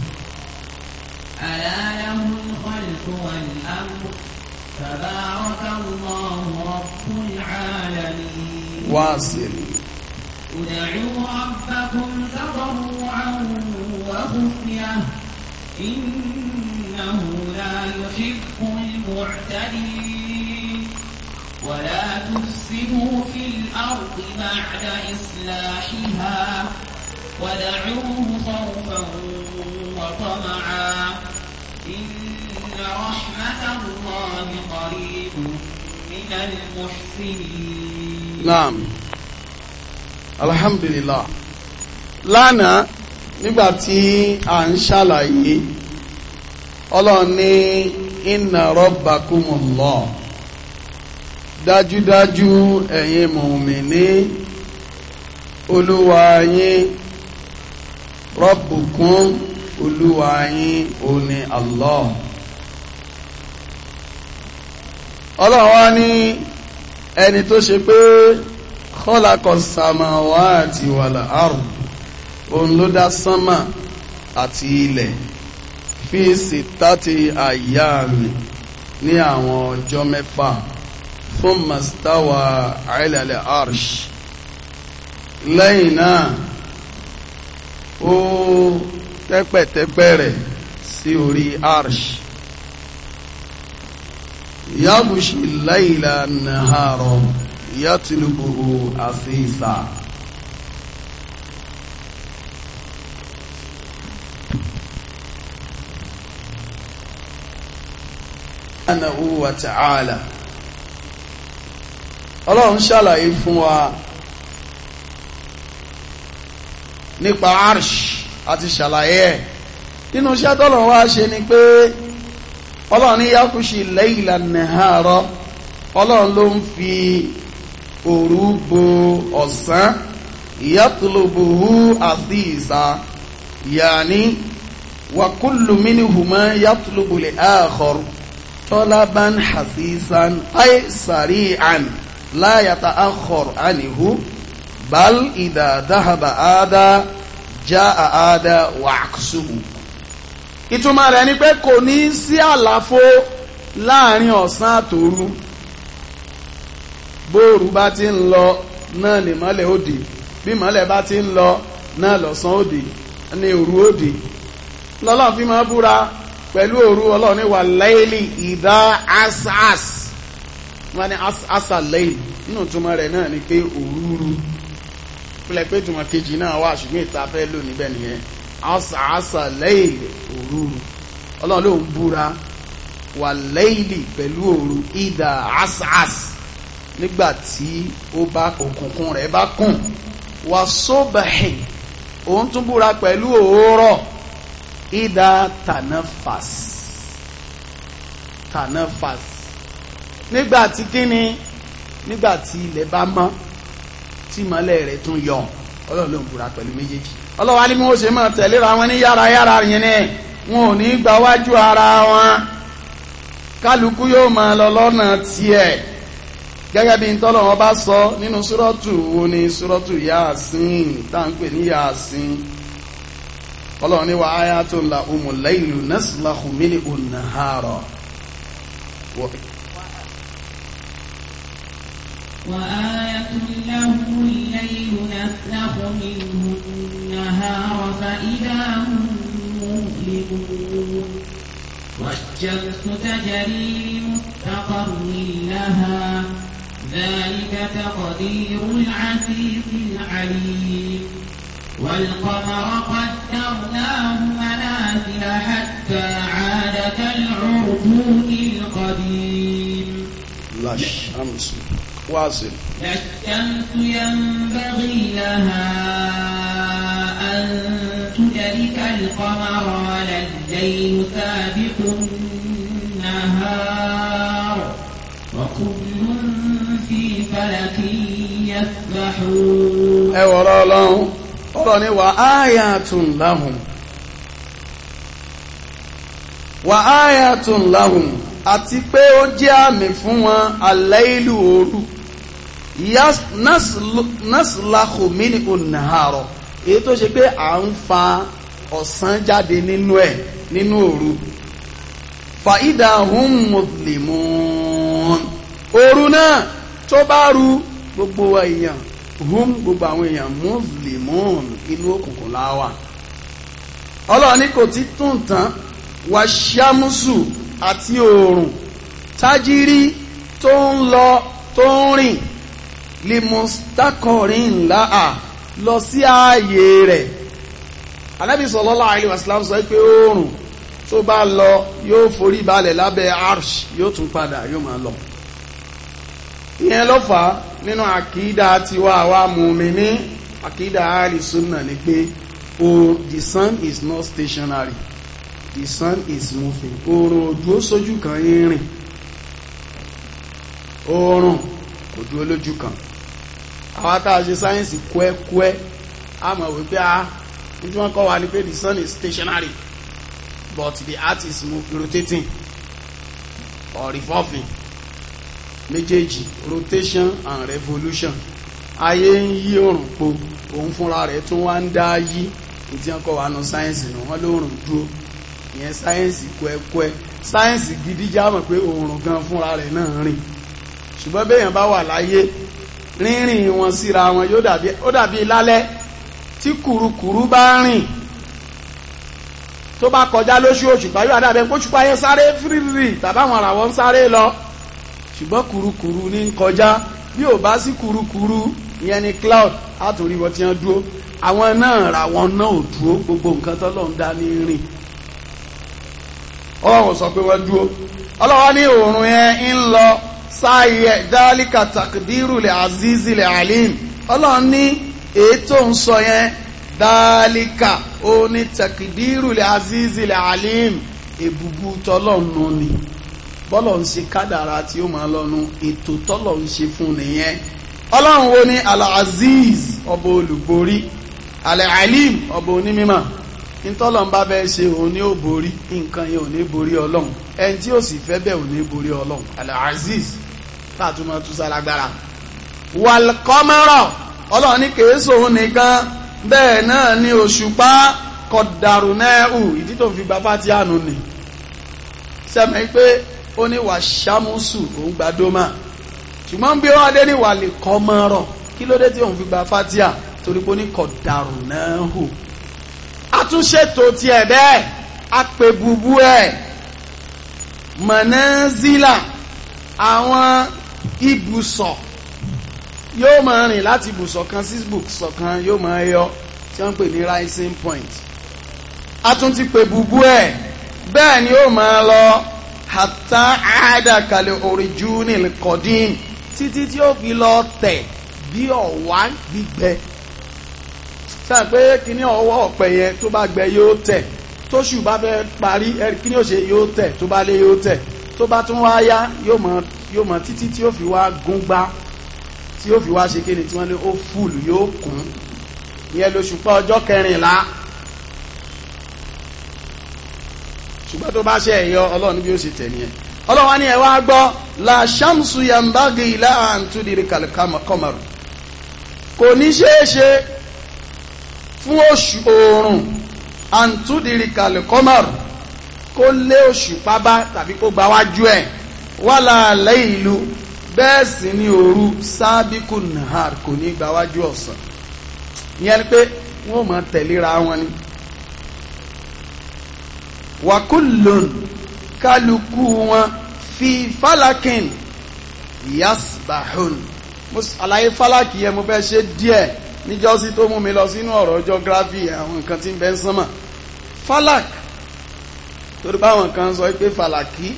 ألا له الخلق والأمر تبارك الله رب العالمين واصل ادعوا ربكم تضرعا وخفيه إنه لا يحب المعتدين ولا تفسدوا في الأرض بعد إصلاحها ودعوه خوفا وطمعا إن رحمة الله قريب من المحسنين نعم الحمد لله لانا nígbàtí à ń ṣàlàyé ọlọ́run ní inna rabbakumullah dájúdájú ẹ̀yin mùmíní olúwa yín rabbukum olúwa yín òní Allah ọlọ́run wá ní ẹni tó ṣe pé khalaqa samawati wal ard òun ló dá sánmà àti ilẹ̀ fi sittati ayyami ní àwọn ọjọ́ mẹ́fà fún mastawa àìlẹ̀lẹ̀ arsh lẹ́yìn náà ó tẹ́pẹ̀tẹ́pẹ̀ rẹ̀ sí orí arsh yabushi layla naharo yatlubuhu asisa. subhanahu wa ta'ala ọlọ́run ṣàlàyé fún wa nípa arsh àti ṣàlàyé ẹ̀ nínú iṣẹ́ tọ́lọ̀ wá ṣe ni pé ọlọ́run ní yakushi layla nahara ọlọ́run ló ń fi òru bo ọ̀sán yatlubuhu athisa yàní wa kullu minhuma yatlubu li akhar tọ́lábán hasisan ay sari'an la yata'akhkhar anhu bal idha dhahaba ada jaa ada wa aksuhu ìtumọ̀ rẹ̀ ni pé kò ní sí àlàfo láàrin ọ̀sán àtòru bóòrù bá ti ń lọ náà ni mọ́lẹ̀ òdì bí mọ́lẹ̀ bá ti ń lọ náà lọ́sàn òdì ní òru òdì lọ́lọ́run fi búra pẹ̀lú òru ọlọ́run ní wà láìlì ìdá asas wọ́n ní asa láìlì nínú túmọ̀ rẹ̀ náà ni pé òrúurú pẹ̀lẹ̀ pé túmọ̀ kejì náà wà ṣùgbọ́n ìta fẹ́ lò níbẹ̀ nìyẹn asa asa òrúurú ọlọ́run ló ń búra wà láìlì pẹ̀lú òru ìdá asas nígbà tí ó bá òkùnkùn rẹ̀ bá kùn wà sóbàáhìn òun tún búra pẹ̀lú òórọ̀ ida tanafas tanafas nígbà tí kíni nígbà tí ilẹ̀ bá mọ́ tí mọ́lẹ̀ rẹ̀ tún yọ ọlọ́run ló ń búra pẹ̀lú méjèèjì ọlọ́wà ni wọ́n ṣe máa tẹ̀léra wọn ní yára yẹn ni wọn ò ní gba wájú ara wọn kálukú yóò máa lọ lọ́nà tiẹ̀ gẹ́gẹ́ bí ntọ́lọ̀ wọn bá sọ nínú súrọ́tù wo ni súrọ́tù yáàsín táǹpẹ̀ ní yáàsín ọlọ́run ní wa ayatun lahumul laylu naslakhu minhu nahara. وآية لهم الليل نسلخ منه النهار فإذا هم والشمس تجري لمستقر لها ذلك تقدير العزيز العليم والقمر قدرناه منازل حتى عاد كالعرجون القديم لا الشمس واصل لا الشمس ينبغي لها أن تدرك القمر ولا الليل سابق النهار وكل في فلك يسبحون أي لهم ọlọ́ni wà áyàtùn láhùn wà áyàtùn láhùn àti pé ó jẹ́ àmì fún wọn alẹ́ ìlú òru násìláhù mini onàárọ̀ èyí tó ṣe pé à ń fa ọ̀sán jáde nínú ẹ̀ nínú òru fàídà hùn mùsùlùmùn òru náà tó bá ru gbogbo èèyàn hum gbogbo àwọn èèyàn muslimun inú òkùnkùn láwà ọlọ́run ní kò ti tún tán wà ṣámúsù àti oòrùn tájírí tó ń lọ tó ń rìn limustakorin láà lọ sí ààyè rẹ̀ anábì sallallahu alaihi wasallam sọ pé oòrùn tó bá lọ yóò forí balẹ̀ lábẹ́ arsh yóò tún padà yóò máa lọ ìyẹn ló nínú àkídà tiwa àwa mùmíní àkídà àlìsúnà ni pé o oh, the sun is not stationary the sun is moving oòrùn ò dúró sójú kan ń rìn oòrùn kò dúró lójú kan àwa tá a ṣe sáyẹ́ǹsì kúẹ́kúẹ́ a mọ̀ wípé a ah, ní tí wọ́n kọ́ wa ni pé the sun is stationary but the earth is rotating or revolving méjèèjì rotation and revolution ayé ń yí òrùn po òun fúnra rẹ̀ tó wá ń dá yí ìdí ọkọ̀ wa nu sáyẹ́nsì nù wọ́n lóòrùn dúró ìyẹn sáyẹ́nsì kúẹ́kúẹ́ sáyẹ́nsì gidi já mọ̀ pé òòrùn gan fúnra rẹ̀ náà rìn ṣùgbọ́n béèyàn bá wà láyé rírìn wọn síra wọn yóò dàbí ó dàbí lálẹ́ tí kùrukùru bá rìn tó bá kọjá lóṣù òṣùpá yóò dàbí kóṣùpá yẹn sáré fírìrì tàbáwọn àràwọ̀ ń sáré lọ ṣùgbọ́n kùrukùru ní kọjá bí ò bá sí kùrukùru ìyẹn ni cloud àtòrí wọn ti hàn dúró àwọn náà ra wọn náà ò dúró gbogbo nǹkan tọ́lọ́run dá ní rìn ọlọ́run sọ pé wọ́n dúró ọlọ́wọ́ ní òòrùn yẹn ń lọ sáàyẹ dálíkà takdiru lè azizi lè alim ọlọ́run ní ètò ń sọ yẹn dálíkà ó ní takdiru lè azizi lè alim èbùbù tọ́lọ́run ni bọ́lọ̀ ń ṣe kádàrá tí ó máa lọ́nu ètò tọ́lọ̀ ń ṣe fún nìyẹn ọlọ́run wo ni alaziz ọba olùborí alalim ọba onímímọ̀ nítọ́lọ̀ ń bá bẹ́ẹ̀ ṣe òun ní ó borí nǹkan yẹn ò ní borí ọlọ́run ẹni tí ó sì fẹ́ bẹ́ẹ̀ ò ní borí ọlọ́run alaziz tààtúmọ̀ tún sálágbára wàlkọ́mọ́rọ̀ ọlọ́run ní kèésò òun nìkan bẹ́ẹ̀ náà ni òṣùpá kọ̀dàrú náà hù ìdí tó fi gbapá tí àánú ni sẹ́mi pé ó ní wà ṣàmùsù òun gba dómà ṣùgbọ́n bí wọ́n adé ní wà lè kọ́ mọ́rọ̀ kí ló dé tí òun fi gba fatia torí pé ó ní kọ̀ dàrú náà hù àtúnṣètò tiẹ̀ bẹ́ẹ̀ àpè bùbú ẹ̀ mọ̀nẹ́zílà àwọn ibùsọ̀ yóò máa rìn láti ibùsọ̀ kan sí ibùsọ̀ kan yóò máa yọ tí wọ́n ń pè ní rising point a tún ti pè bùbú ẹ̀ bẹ́ẹ̀ ni ó máa lọ hàtà àádàkàlẹ̀ òrìjúnì kọ̀dín títí tí ó fi lọ tẹ̀ bí ọ̀wá gbígbẹ sáà pé kíní ọwọ́ ọ̀pẹ yẹn tó bá gbẹ yóò tẹ̀ tóṣù bá fẹ́ parí kíní ó ṣe yóò tẹ̀ tó bá lé yóò tẹ̀ tó bá tún wá yá yóò mọ títí tí ó fi wá gúngbá tí ó fi wá ṣe kíni tí wọ́n ní ó fúlù yóò kún ìyẹn lóṣù pa ọjọ́ kẹrìnlá ṣùgbọ́n tó bá ṣe ẹ̀yọ ọlọ́run bí ó ṣe tẹ̀lé ẹ̀ ọlọ́wọ́ ni ẹ wá gbọ́ la ṣàmùsù yambagi ilá àǹtúndìrí kọmọrù kò ní ṣeé ṣe fún oṣù oòrùn àǹtúndìrí kọmọrù kó lé oṣù pábá tàbí kó gba wájú ẹ̀ wà láàlẹ́ ìlú bẹ́ẹ̀ sì ni òru sábíkù nahar kò ní gba wájú ọ̀sán ìyẹn ni pé wọ́n máa tẹ̀léra wọn ni wàkúlùn kálukú wọn fi falakin yasbahun àlàyé falaki yẹn mo fẹ́ ṣe díẹ̀ níjọ́sí tó mú mi lọ sínú ọ̀rọ̀ geography àwọn nǹkan tí ń bẹ ń sánmà falak torí báwọn kan sọ pé falaki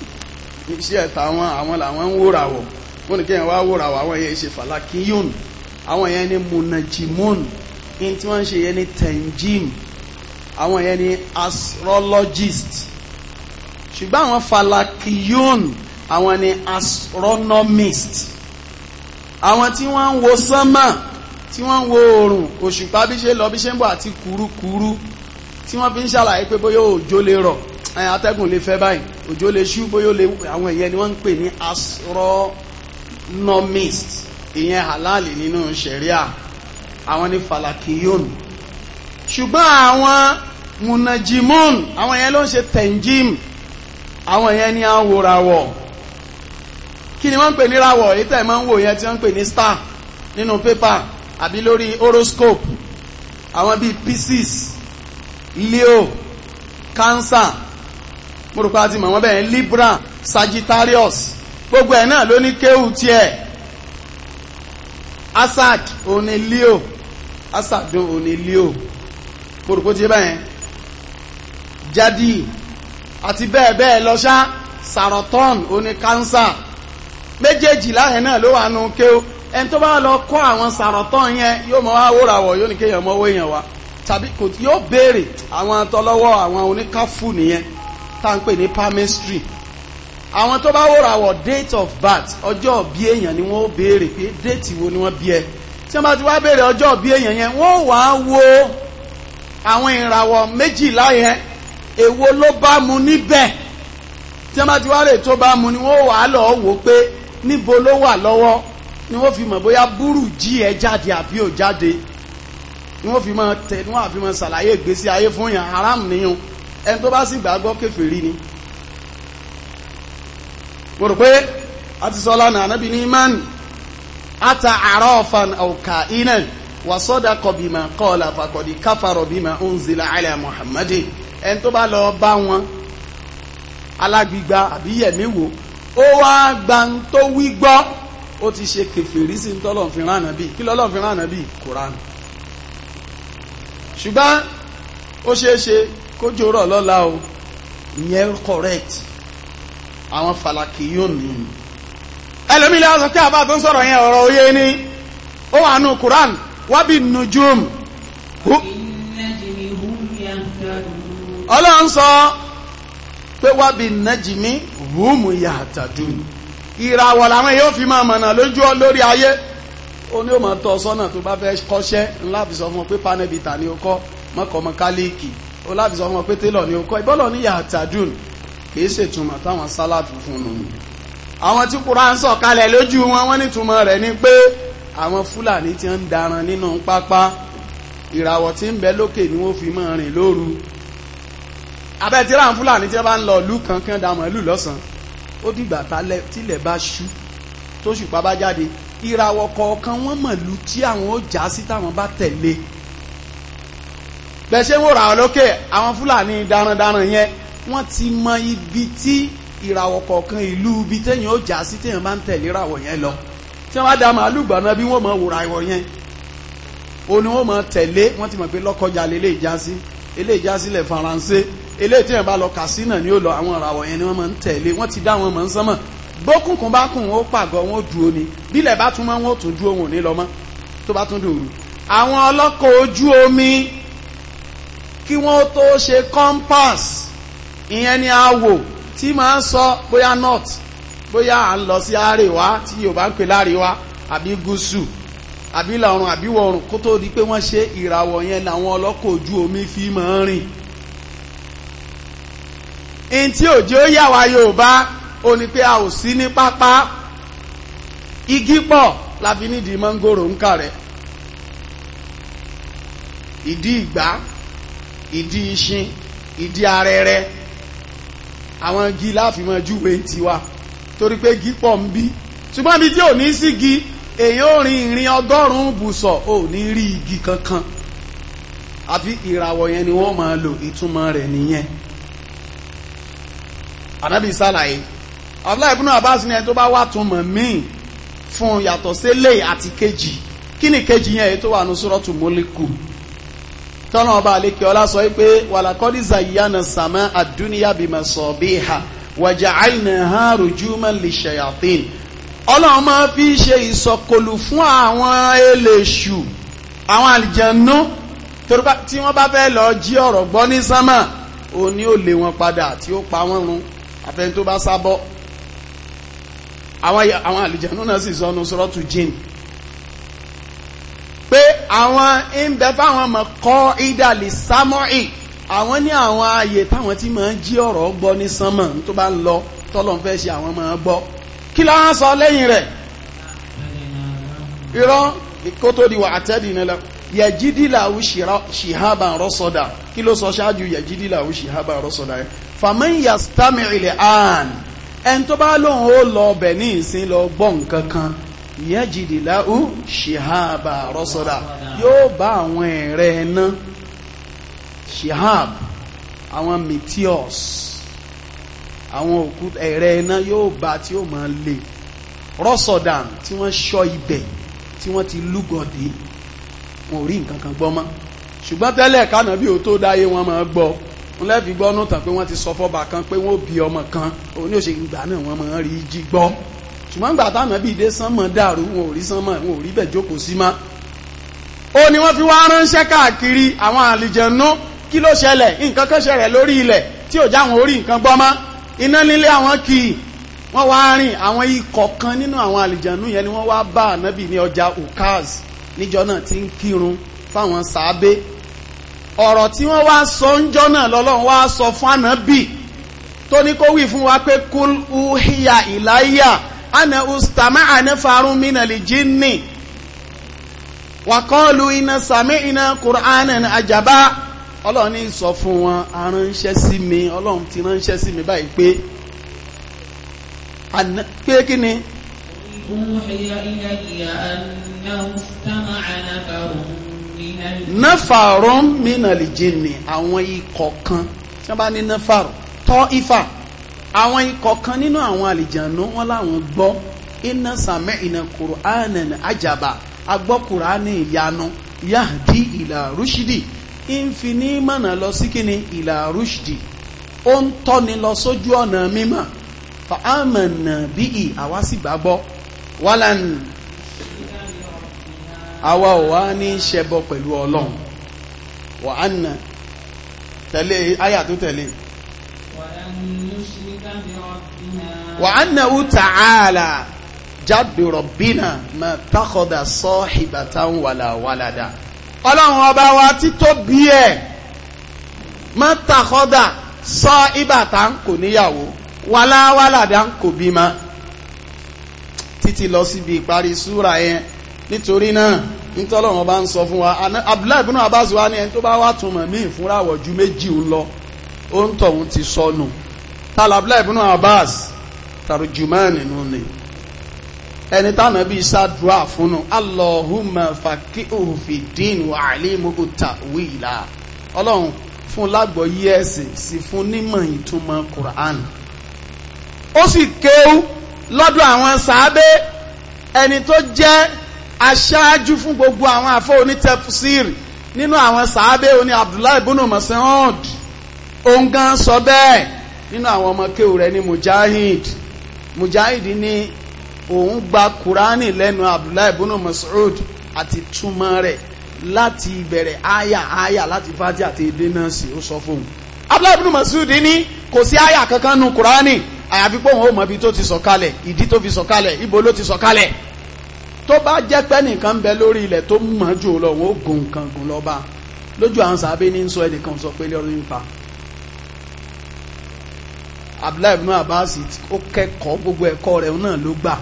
iṣẹ́ ẹ̀tàwọn àwọn làwọn ń wòràwọ̀ wọ́n ní kéèyàn wá wòràwọ̀ àwọn yẹn ṣe falaki yún àwọn yẹn ni munajimun ní tí wọ́n ń ṣe yẹn ní tenjim àwọn yẹn ni astrologist ṣùgbọ́n àwọn falakiyun àwọn ni astronomist àwọn tí wọ́n ń wo sánmà tí wọ́n ń wo oòrùn òṣùpá bí ṣe lọ bí ṣe ń bọ̀ àti kúrúkúrú tí wọ́n fi ń ṣàlàyé pé bóyá òjò lè rọ̀ atẹ́gùn lè fẹ́ báyìí òjò lè ṣú bóyá lè àwọn ìyẹn ni wọ́n ń pè ní astronomist ìyẹn halal nínú ṣẹ̀ríà àwọn ni falakiyun ṣùgbọ́n àwọn munajimun àwọn yẹn ló ń ṣe tẹ̀njìm àwọn yẹn ni àwòràwọ̀ kí ni wọ́n ń pè ní ràwọ̀ èyí tẹ̀ máa ń wò yẹn tí wọ́n ń pè ní star nínú pépà àbí lórí horoscope àwọn bíi Pisces Leo Cancer mo rò pé a mọ̀ wọ́n bẹ́ẹ̀ Libra Sagittarius gbogbo ẹ̀ náà ló ní kéwù tiẹ̀ asad òní Leo asad òní Leo mo rò pé ti yé báyẹn jadi àti bẹ́ẹ̀ bẹ́ẹ̀ lọ ṣá saraton oní kánsà méjèèjì láyẹn náà ló wà nù ké o ẹni tó bá lọ kọ́ àwọn saraton yẹn yóò mọ wá wóra wọ̀ yóò ní kéèyàn mọ owó èèyàn wa tàbí kò yóò béèrè àwọn tọlọ́wọ́ àwọn oníkáfù nìyẹn tá à ń pè ní palmistry àwọn tó bá wòrà date of birth ọjọ́ bí èèyàn ni wọ́n béèrè pé date wo ni wọ́n bí ẹ tí wọ́n bá ti wá béèrè ọjọ́ bí èèyàn yẹn wọ́n wàá wo àwọn ìràwọ̀ méjìlá yẹn èwo ló bá mu níbẹ̀ tí wọ́n bá ti wá rè tó bá mu ni wọ́n wà á lọ́ọ́ wò pé níbo ló wà lọ́wọ́ ni wọ́n fi mọ̀ bóyá búrú jí ẹ jáde àbí ò jáde ni wọ́n fi mọ̀ tẹ̀ ni wọ́n àfi mọ̀ ṣàlàyé ìgbésí ayé fún yàn haram níyàn ẹni tó bá sì gbàgbọ́ kèfèrí ni. mo rò pé a ti sọ lánàá anábì ní imán ata àrọ́ ọ̀fàn ọ̀kà iná wasọ́dakọ̀ bímọ kọ́ọ̀lá fàkọ̀dí káfàrọ̀ bímọ ounzila ala muhammadin ẹni tó bá lọ bá wọn alágbígba àbí yẹ̀mí wò ó wá gba ń tó wí gbọ́ ó ti ṣe kèfèrí sí tọ́lọ̀ fi rán ànábì kí lọ́lọ́ fi rán ànábì kòránù ṣùgbọ́n ó ṣeé ṣe kójó lọ́la o ìyẹn correct àwọn fàlàkì yóò ní ẹlòmílẹ̀ àwọn àbá tó ń sọ̀rọ̀ yẹn ọ̀rọ̀ òye ni ó wà nù kòránù wábì nùjúm ọlọ́run sọ pé wábì nàjìmí hùmù yahtadun ìràwọ̀ làwọn yóò fi máa mọ̀nà lójú ọ lórí ayé ó ní ó máa tọ́ sọ́nà tó bá fẹ́ kọ́ṣẹ́ ńlá fi sọ fún ọ pé panẹ́bìtà ni ó kọ́ mọ́kọ́ mọ́kálíìkì ó láti sọ fún ọ pé télọ̀ ni ó kọ́ ìbọ́lọ̀ ní yahtadun kìí ṣètumọ̀ táwọn sálàfù fún un àwọn tí Kùránì sọ̀kalẹ̀ lójú wọn wọ́n nítumọ̀ rẹ̀ ni pé àwọn fúlàní tí ń daran nínú pápá ìràwọ̀ tí ń bẹ lókè ni wọ́n fi máa rìn lóru abẹ́tí ráhùn fúlàní tí wọ́n bá ń lọ ìlú kankan dàmọ́ ìlú lọ́sàn-án ó dìgbà tílẹ̀ bá ṣú tó ṣùpá bá jáde ìràwọ̀ kọ̀ọ̀kan wọ́n mọ̀ lù tí àwọn ó já sí táwọn bá tẹ̀lé bẹ́ẹ̀ wò ràwọ̀ lókè àwọn fúlàní darandaran yẹn wọ́n ti mọ ibi tí ìràwọ̀ kọ̀ọ̀kan ìlú ibi téèyàn ó já sí téèyàn bá ń tẹ̀lé ìràwọ̀ yẹn lọ tí wọ́n dá màálù gbọ̀nà bí wọ́n mọ̀ wòrà ìwọ̀ yẹn o ni wọ́n mọ̀ tẹ̀lé wọ́n ti mọ̀ pé lọ́kọjà lè lè jásí ilé ìjásílẹ̀ faransé ilé tí wọ́n bá lọ kàsínà ni ó lọ àwọn ìràwọ̀ yẹn ni wọ́n mọ̀ ń tẹ̀lé wọ́n ti dá wọn mọ̀ ń sánmọ̀ gbókùnkùn bá kùn ó pàgọ́ wọn ó dúró ni bílẹ̀ bá tún mọ́ wọn ó tún dúró wọn ò ní lọ mọ́ tó bá tún dòru àwọn ọlọ́kọ̀ ojú omi kí wọ́n tó ṣe compass ìyẹn ni a wò tí máa ń sọ bóyá north bóyá à ń lọ sí àríwá tí yorùbá ń pè láríwá àbí gúúsù àbí làrùn àbí wọ̀rùn kó tó di pé wọ́n ṣe ìràwọ̀ yẹn làwọn ọlọ́kọ̀ ojú omi fi máa ń rìn in tí òjò yà wá yorùbá ó ní pé a ò sí ní pápá igi pọ̀ láfi nídìí mọ́ngòrò ń kà rẹ̀ ìdí ìgbá ìdí iṣin ìdí arẹrẹ àwọn igi láfi mọ́ júwe tiwa torí pé gi pọ̀ ń bí ṣùgbọ́n ibi tí ò ní sí gi èyàn ò rin ìrìn ọgọ́rùn-ún bùsọ̀ ò ní rí igi kankan àfi ìràwọ̀ yẹn ni wọ́n máa lò ìtumọ̀ rẹ̀ nìyẹn ànábì sálàyé abdullahi ibùnú abbas ní ẹni tó bá wà túmọ̀ míì fún yàtọ̀ sí lè àti kejì kí ni kejì yẹn èyí tó wà ní sọ́rọ́tù mólíkù tọ́nà ọba àlekè ọlá sọ wípé wàlàkọ́dí zayyana sàmà àdúníyà bímọ sọ waja'alnaha rujuman lishayatin ọlọ́run máa fi ṣe ìsọkòlù fún àwọn eléṣù àwọn àlìjẹnú tí wọ́n bá fẹ́ lọ jí ọ̀rọ̀ gbọ́ ní sánmà ó ní ó lé wọn padà tí ó pa wọ́n run àfẹn tó bá sábọ́ àwọn àlìjẹnú náà sì sọnù sọ́rọ́tù jìn pé àwọn ń bẹ fáwọn ọmọ kọ́ ìdàlì sámọ́ì àwọn ní àwọn ààyè táwọn tí máa ń jí ọ̀rọ̀ gbọ́ ní sánmọ̀ tó bá ń lọ tọ́lọ̀ ń fẹ́ ṣe àwọn máa gbọ́ kí la ń sọ lẹ́yìn rẹ̀ irọ́ kó tó di wà àtẹ́dì nílẹ̀ yẹ̀jídìlà ṣìhábà rọ́sọ̀dà kí ló sọ ṣáájú yẹ̀jídìlà ṣìhábà rọ́sọ̀dà yẹn fàmíyà stámìrìlẹ̀ àn ẹn tó bá lóhun ó lọ ọbẹ̀ ní ìsìn lọ gbọ́ nǹkan kan yẹ̀jídìlà ṣìhábà rọ́sọ̀dà yóò bá àwọn ẹ̀rẹ̀ náà shihab àwọn meteors àwọn òkúta ẹ̀rẹ̀ iná yóò bá tí ó máa lè rọ́sọ̀dàn tí wọ́n ṣọ́ ibẹ̀ tí wọ́n ti lúgọ̀dé wọn ò rí nǹkan kan gbọ́ mọ́ ṣùgbọ́n tẹ́lẹ̀ kánà bí o tó dáyé wọn máa gbọ́ wọn lẹ́ẹ̀fi gbọ́ nù tán pé wọ́n ti sọ fọ́ba kan pé wọ́n bí ọmọ kan òun ní òṣèlú ìgbà náà wọ́n máa rí jí gbọ́ ṣùgbọ́n gbà táwọn bí ìdé sánmọ̀ dàrú wọn ò rí sánmọ̀ wọn ò rí bẹ̀ jókòó sí mọ́ ó ní wọ́n fi wá ránṣẹ́ káàkiri àwọn àlìjẹ̀nú kí ló ṣẹlẹ̀ nǹkan kan ṣẹlẹ̀ lórí ilẹ̀ tí ò jáwọn orí nǹkan gbọ́mọ́ iná nílé àwọn kì í wọ́n wá rìn àwọn ikọ̀ kan nínú àwọn àlìjànú yẹn ni wọ́n wá bá ànábì ní ọjà ukaz níjọ́ náà ti ń kírun fáwọn sàábé ọ̀rọ̀ tí wọ́n wá sọ ńjọ́ náà lọ́lọ́run wá sọ fún ànábì tó ní kó wí fún wa pé kul uhiya ìláyà ana ustama anafarun minali jinni wa qalu iná sàmì iná ajaba ọlọ́run ní sọ fún wọn aránṣẹ́ sí mi ọlọ́run ti ránṣẹ́ sí mi báyìí pé pé kí ni. náfàrún mínàlì jìnnì àwọn ikọ̀ kan tí wọ́n bá ní náfàrún tọ́ ifá àwọn ikọ̀ kan nínú àwọn àlìjànú wọn láwọn gbọ́ iná sàmẹ́ iná kùránì àjàbà agbọ́ kùránì ìyanu yahdi ìlà rúṣídì ìnfini mọ̀nà lọ sí kíni ìlà rúṣdì ó ń tọ́ni lọ sójú ọ̀nà mímọ̀ fàámọ̀nà bí i àwa sì gbàgbọ́ wàlán àwa ò wá ní ṣẹbọ pẹ̀lú ọlọ́run wà á nà tẹ̀lé àyà tó tẹ̀lé wà á nà ó jáde rọ̀bínà mà tàkọ̀dà sọ́ọ̀hìbàtà wàlàwàlàdà ọlọ́run ọba wa títóbi ẹ̀ mọ́tàkọ́dà sọ ìbàtà ń kò níyàwó wàláwàlàdà ń kò bímọ títí lọ síbi ìparí súra yẹn nítorí náà nítọ́lọ́run bá ń sọ fún wa abdullahi ibn abbas wa ní ẹni tó bá wà túmọ̀ míì fúnra wọ̀ ju méjì ń lọ ó ń tọ̀hún ti sọnù tàlà abdullahi ibn abbas tàrùjùmọ́ nínú ni. ẹni táwọn bí sàdúrà fúnnu Allahumma faqihu fid-din wa 'allimhu ta'wila ọlọ́run fún lágbọ̀ọ́yé ẹ̀sìn sì fún nímọ̀ ìtumọ̀ Qur'an ó sì kéwú lọ́dọ̀ àwọn sàábé ẹni tó jẹ́ aṣáájú fún gbogbo àwọn àfọ́ onítẹ̀fúsírì nínú àwọn sàábé oní Abdullahi bunu Mas'ud òun gan sọ bẹ́ẹ̀ nínú àwọn ọmọ kéwú rẹ ní Mujahid Mujahid ní òun gba kùránì lẹ́nu abdullahi ibn mas'ud àti túmọ̀ rẹ̀ láti ìbẹ̀rẹ̀ àyà àyà láti fàájì àti èdè náà sí ó sọ fóun abdullahi ibn mas'ud ní kò sí àyà kankan nu kùránì àyàfi pé òun ò mọ ibi tó ti sọ̀kalẹ̀ ìdí tó fi sọ̀kalẹ̀ ibo ló ti sọ̀kalẹ̀ tó bá jẹ́ pé nìkan bẹ lórí ilẹ̀ tó mọ̀ jù lọ òun ó gùn nǹkan gùn lọ́ba lójú àwọn sàbẹ̀ ní sọ ẹnìkan sọ pé lọ́rùn ń pa abdullahi ibn abbas ó kẹ́kọ̀ọ́ gbogbo ẹ̀kọ́ rẹ̀ náà ló gbà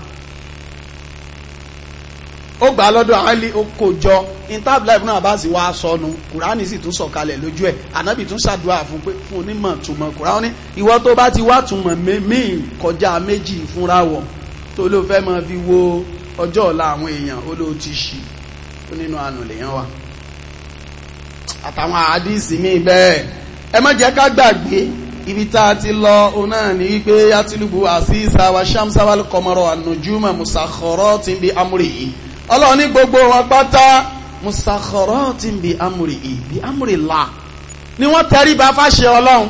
ó gbà á lọ́dọ̀ àálí ó jọ intabla ibùdó àbáàsì wa sọnù kùránì sì tún sọ̀kalẹ̀ lójú ẹ̀ ànábì tún ṣàdúrà fún pé fún onímọ̀ túmọ̀ kùránì ìwọ tó bá ti wá túmọ̀ míì kọjá méjì fúnra wọ̀ tó ló fẹ́ máa fi wo ọjọ́ ọ̀la àwọn èèyàn ó ló ti ṣì ó nínú àánú lèèyàn wa àtàwọn àádìsí míì bẹ́ẹ̀ ẹ má jẹ́ ká gbàgbé ibi tá a ti lọ òun náà ní wípé yàtìlúbù àṣìṣà wa ṣàmṣà wa kọmọrọ ànàjúmọ̀ mùsàkọrọ ti ń bi amúrè yìí ọlọ́run ní gbogbo wọn pátá musakharatin bi amrihi bi amri Allah ni wọ́n tẹríba fáṣẹ ọlọ́run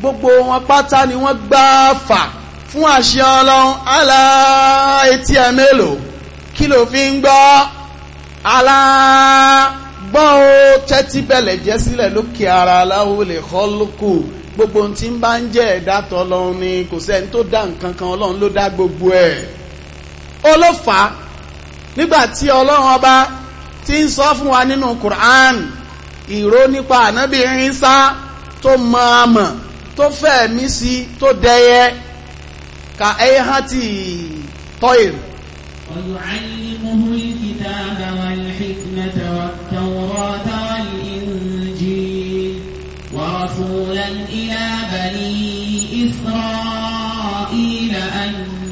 gbogbo wọn pátá ni wọ́n gbáfà fún àṣẹ ọlọ́run alá etí ẹ mélòó kí ló fi ń gbọ́ alá gbọ́n ó tẹ́tí bẹ̀lẹ̀ jẹ́ sílẹ̀ lókè ara aláwo lè kọ́ lóko gbogbo ohun tí ń bá ń jẹ́ ẹ̀dá tọ́lọ́run ni kò sẹ́ni tó dá nǹkan kan ọlọ́run ló dá gbogbo ẹ̀ olófàá nígbà tí ọlọ́run ọba ti ń sọ fún wa nínú Qur'an ìró nípa ànábì Ìsá tó mọ amọ̀ tó fẹ́ mí sí tó dẹyẹ ka ẹyẹ hàn tí tọ́yìn. ويعلمه الكتاب والحكمة والتوراة والإنجيل ورسولا إلى بني إسرائيل أني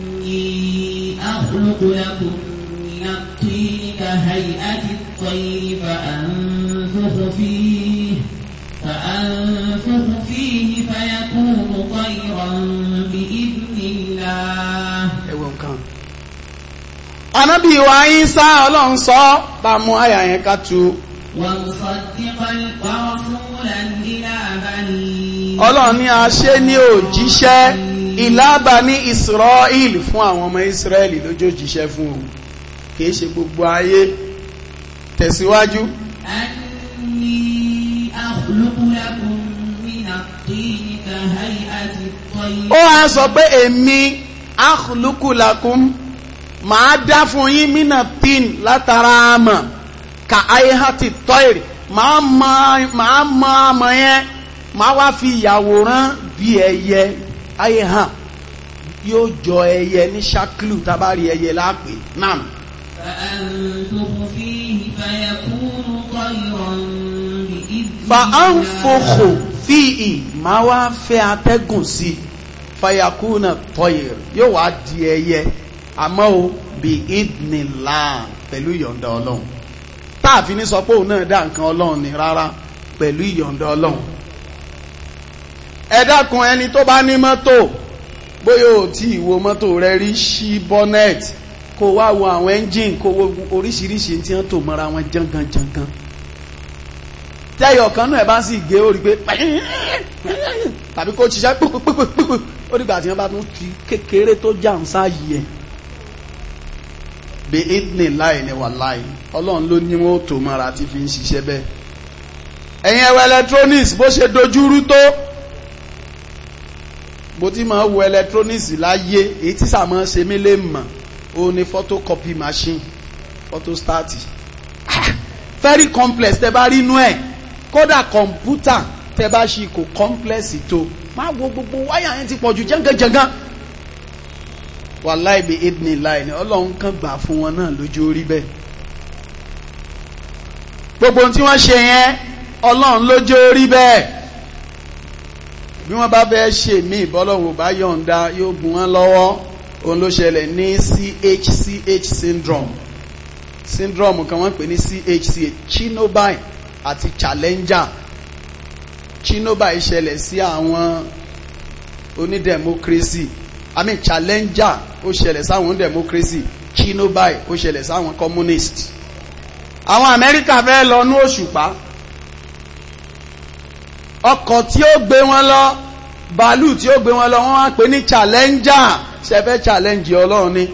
أخلق لكم فيه كهيئة الطير فأنفخ فيه فأنفخ فيه فيكون طيرا بإذن الله Ànábì wa Isa Ọlọ́run sọ bá mú àyà yẹn ká tu. Ọlọ́run ní a ṣe ní òjíṣẹ́ ìlàbà ní Israel fún àwọn ọmọ Israẹli lójó jíṣẹ́ fún òun kìí ṣe gbogbo ayé tẹ̀síwájú. anni akhluqu lakum min ka hay'ati at-tayr. ó wá sọ pé èmi akhluqu lakum màá dá fún yín min at-tin látara àmọ̀ ka hay'ati at-tayr màá mọ àmọ̀ yẹn màá wá fi yàwòrán bí ẹyẹ ayé yóò jọ ẹyẹ ní ṣáklù tábàrí ẹyẹ lápè náà. فأنفخ فيه فيكون طيرا بإذن فأنفخ فيه máa wá fẹ́ atẹ́gùn sí fayakuna tọ́yìr yóò wá di ẹyẹ àmọ́ o bí ìdìnnìlá pẹ̀lú ìyọ̀ǹda ọlọ́run táàfin ní sọ pé òun náà dá nǹkan ọlọ́run ni rárá pẹ̀lú ìyọ̀ǹda ọlọ́run ẹ dákun ẹni tó bá ní mọ́tò bóyá ò tí ì mọ́tò rẹ rí sí bọ́nẹ́ẹ̀tì kó wá wo àwọn engine kó wo oríṣiríṣi tí wọ́n tò mọ́ra wọn jangan jangan tẹ́yọ̀ kan náà ẹ bá sì gé ó rí pé tàbí kó ṣiṣẹ́ pípípípípí ó dìgbà tí wọ́n bá tún ti kékeré tó jà ń sáàyè ẹ̀ bí ó ní photocopy machine photostat ah, very complex tẹ bá rí inú ẹ̀ kódà kọ̀ǹpútà tẹ bá ṣe kò complex tó máa wo gbogbo wáyà yẹn ti pọ̀jù jẹ́ngànjẹ́ngàn wàláì bí idni láì ni ọlọ́run kan gbà fún wọn náà lójú orí bẹ́ẹ̀ gbogbo tí wọ́n ṣe yẹn ọlọ́run lójú orí bẹ́ẹ̀ bí wọ́n bá fẹ́ ṣe mí ìbọ́lọ́run bá yọ̀ǹda yóò gún wọn lọ́wọ́ òun ló ṣẹlẹ̀ ní CHCH syndrome syndrome kan wọ́n pè ní CHCH Chinobi àti Challenger Chinobi ṣẹlẹ̀ sí àwọn onídẹ̀mókírésì I mean Challenger ó ṣẹlẹ̀ sáwọn onídẹ̀mókírésì Chinobi ó ṣẹlẹ̀ sáwọn communist àwọn Amẹ́ríkà fẹ́ lọ ní òṣùpá ọkọ̀ tí ó gbé wọn lọ bàálù tí ó gbé wọn lọ wọ́n wá pè ní Challenger ṣe fẹ́ challenge ọlọ́run ni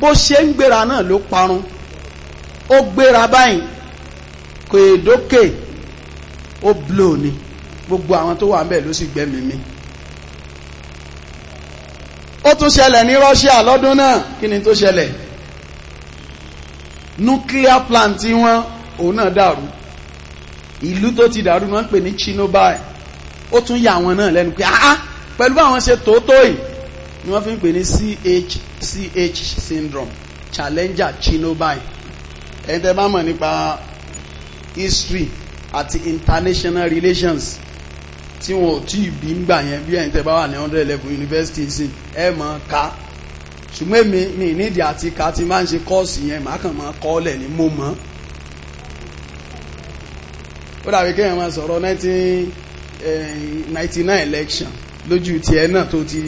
bó ṣe ń gbéra náà ló parun ó gbéra báyìí kò èdókè ó blow ni gbogbo àwọn tó wà ń bẹ̀ ló sì gbẹ́mí mi ó tún ṣẹlẹ̀ ní Russia lọ́dún náà kí ni tó ṣẹlẹ̀ nuclear plant tí wọ́n òun náà dàrú ìlú tó ti dàrú wọ́n ń pè ní Chernobyl ó tún yà wọn náà lẹ́nu pé pẹ̀lú àwọn ṣe tòótọ́ yìí ni wọ́n fi ń pè ní CHCH syndrome challenger Chinobye ẹni tẹ́ bá mọ̀ nípa history àti international relations tí wọn ò tí ì bí ń gbà yẹn bí ẹni tẹ́ bá wà ní hundred level university sí ẹ mọ̀ ká ṣùgbọ́n èmi mi nídìí àti ká ti máa ń ṣe kọ́ọ̀sì yẹn màá kàn máa kọ́ ọ́lẹ̀ ní mo mọ̀ ó dàbí kéèyàn máa sọ̀rọ̀ nineteen eh, ninety nine election lójú tiẹ̀ náà tó ti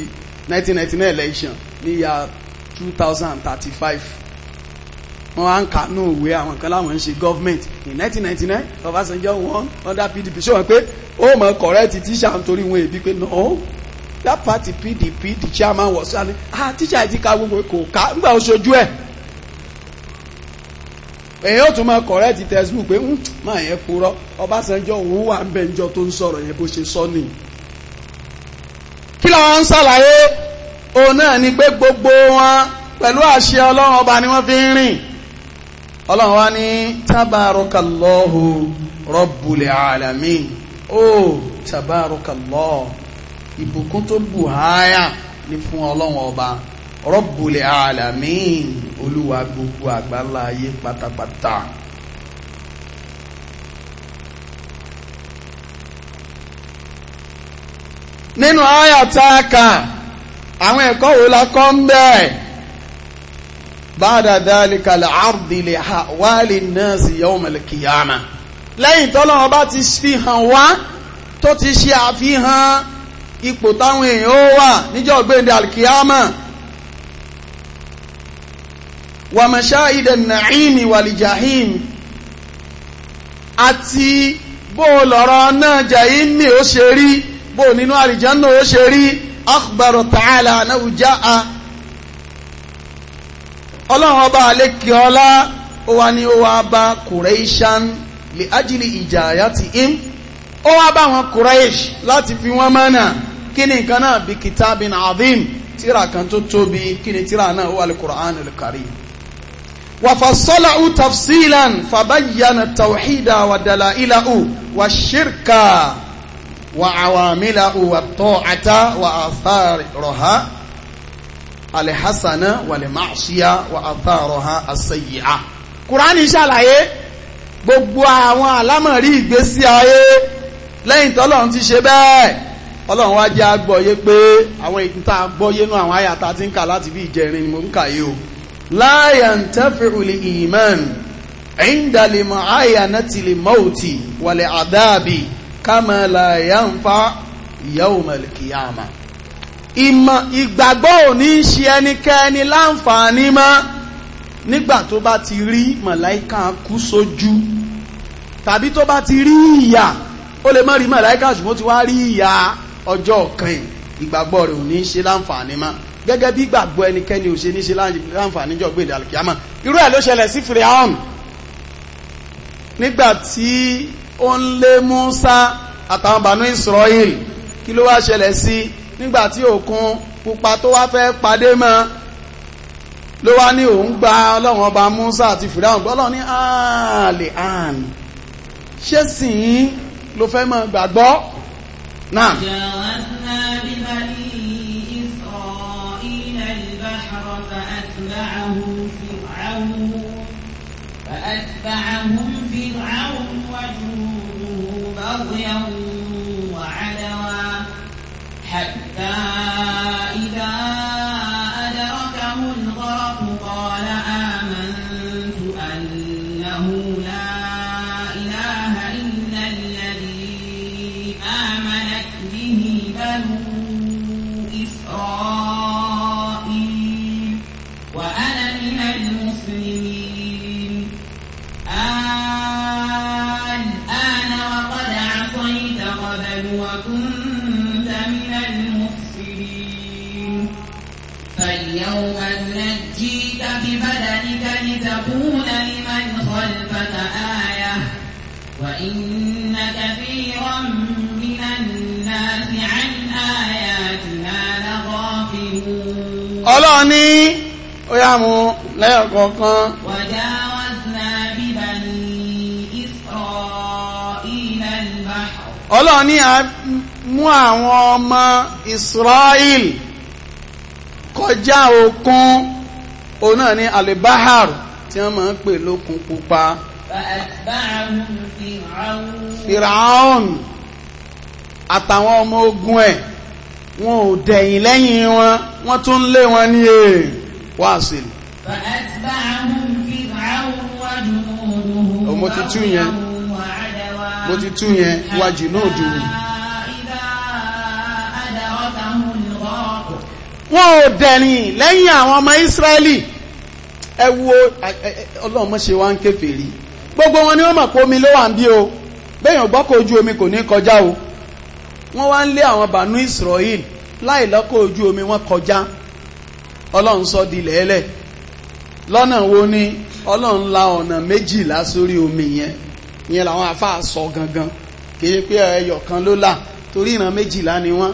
1999 election ní ya 2035 wọ́n wá ń kà òwe àwọn kan láwọn ń ṣe government in 1999 Ọbásanjọ́ won under PDP ṣé wọ́n pé ó mọ̀ correct tíṣà nítorí wọn èbí pé no that party PDP the chairman was saying ah tíṣà ti ka gbogbo kò ká nígbà oṣojú ẹ̀ èyí ó tún mọ̀ correct textbook pé hmm, máa yẹn purọ́ Ọbásanjọ́ òun wà ń bẹ̀ ń jọ tó ń sọ̀rọ̀ yẹn bó ṣe sọ nìyí làwọn ń ṣàlàyé òun náà ni pé gbogbo wọn pẹ̀lú àṣẹ ọlọ́run ọba ni wọ́n fi ń rìn ọlọ́run wa ní tabarakallahu rabbul alamin ó tabarakallahu ìbùkún tó bù háyà ní fún ọlọ́run ọba rabbul alamin olúwa gbogbo àgbáláyé pátápátá. nínú àyà tá a kà àwọn ẹ̀kọ́ wo la kọ́ ń bẹ́ẹ̀ báadà dhalika al-ardi li ahwali an-nasi yawm al-qiyamah lẹ́yìn tọ́lọ́wọ́ bá ti fi hàn wá tó ti ṣe àfihàn ipò táwọn èèyàn ó wà níjọ́ gbẹ̀ndẹ̀ al-qiyamah wa mashahid an àti bó lọ́rọ̀ náà jẹ́ ìmì ó ṣe rí bó nínú àlìjánà ó ṣe rí akhbaro ta'ala anáwó já a ọlọ́run ọba àlékè ọlá ó wá ní ó wá bá kùrẹ́ṣán lè ájílì ìjà àyà ti im ó wá bá wọn kùrẹ́ṣ láti fi wọ́n mọ́nà kí ni nǹkan náà bí kitabin azim tíra kan tó tóbi kí ni tíra náà ó wà lè kùránù lè kárí wàfàsọ́lá u tafsilan fàbáyánà tàwíìdà wàdàlà ìlà u wà ṣírkà wà àwàmílà òwàtọ́ àtà wà àfàrọ̀há alìhásánà السيئة. lè máa ṣíyá wà àfàrọ̀há àṣẹyìá kùránì ṣàlàyé gbogbo àwọn àlámọ̀rí ìgbésí ayé lẹ́yìn tọ́lọ́run ti ṣe bẹ́ẹ̀ ọlọ́run wá jẹ́ agbọ́yé pé àwọn ìta agbọ́yé náà àwọn àyàtà ti ń kà láti bí ìjẹrin ni mo ń kà yìí o láyàntẹ́fìrìlì ìmán ẹ̀yìn dàlìmọ̀ àyànà tìlìmọ́ọ̀tì wàlẹ̀ àdáàbì kama la yanfa yawmal qiyamah ìmọ̀ ìgbàgbọ́ ò ní ṣe ẹnikẹ́ni láǹfààní mọ́ nígbà tó bá ti rí màláìka kú sójú tàbí tó bá ti rí ìyà ó lè má rí màláìka ṣùgbọ́n ti wá rí ìyà ọjọ́ kan ìgbàgbọ́ rẹ̀ ò ní ṣe láǹfààní mọ́ gẹ́gẹ́ bí ìgbàgbọ́ ẹnikẹ́ni ò ṣe ní ṣe jọ gbèdé àlùkìyàmọ́ irú ẹ̀ ló ṣẹlẹ̀ sí Firaun nígbà tí ó ń lé Musa àtàwọn bànú Israel kí ló wá ṣẹlẹ̀ sí nígbà tí òkun pupa tó wá fẹ́ padé mọ́ ló wá ní òun gba ọlọ́run ọba Musa àti Fìdáhùn gbọ́lọ́ ní ààlè àn ṣé sìn ló fẹ́ mọ́ gbàgbọ́ náà. فأتبعهم فرعون وجنوده بغيا وعدوا حتى إذا أدركه الغرق قال آمين فاليوم ننجيك ببدنك لتكون لمن خلفك آية وإن كثيرا من الناس عن آياتنا لغافلون ألاني ويا مو لا يقوقا وجاوزنا ببني إسرائيل البحر ألاني مو àwọn ọmọ Israel kọjá òkun òun náà ní alibahar tí wọ́n máa ń pè lókun pupa. fìràhùn àtàwọn ọmọ ogun ẹ̀ wọn ò dẹ̀yìn lẹ́yìn wọn wọ́n tún lé wọn ní èè e. wá sí mo ti tú yẹn wájú náà dùn wọn ò dẹ̀rìn lẹ́yìn àwọn ọmọ Ísírẹ́lì ẹ wo ọlọ́run mọ́ ṣe wá ń kèfèrí gbogbo wọn ni wọ́n mọ̀ pé omi ló wà ń bí o bẹ́yàn gbọ́kọ̀ ojú omi kò ní kọjá o wọ́n wá ń lé àwọn bànú Israel láì lọ́kọ̀ ojú omi wọn kọjá ọlọ́run sọ di lẹ́ẹ̀lẹ̀ lọ́nà wo ni ọlọ́run la ọ̀nà méjìlá sórí omi yẹn yẹn làwọn afáà sọ gangan kì í pé ẹyọ kan ló là torí ìran méjìlá ni wọ́n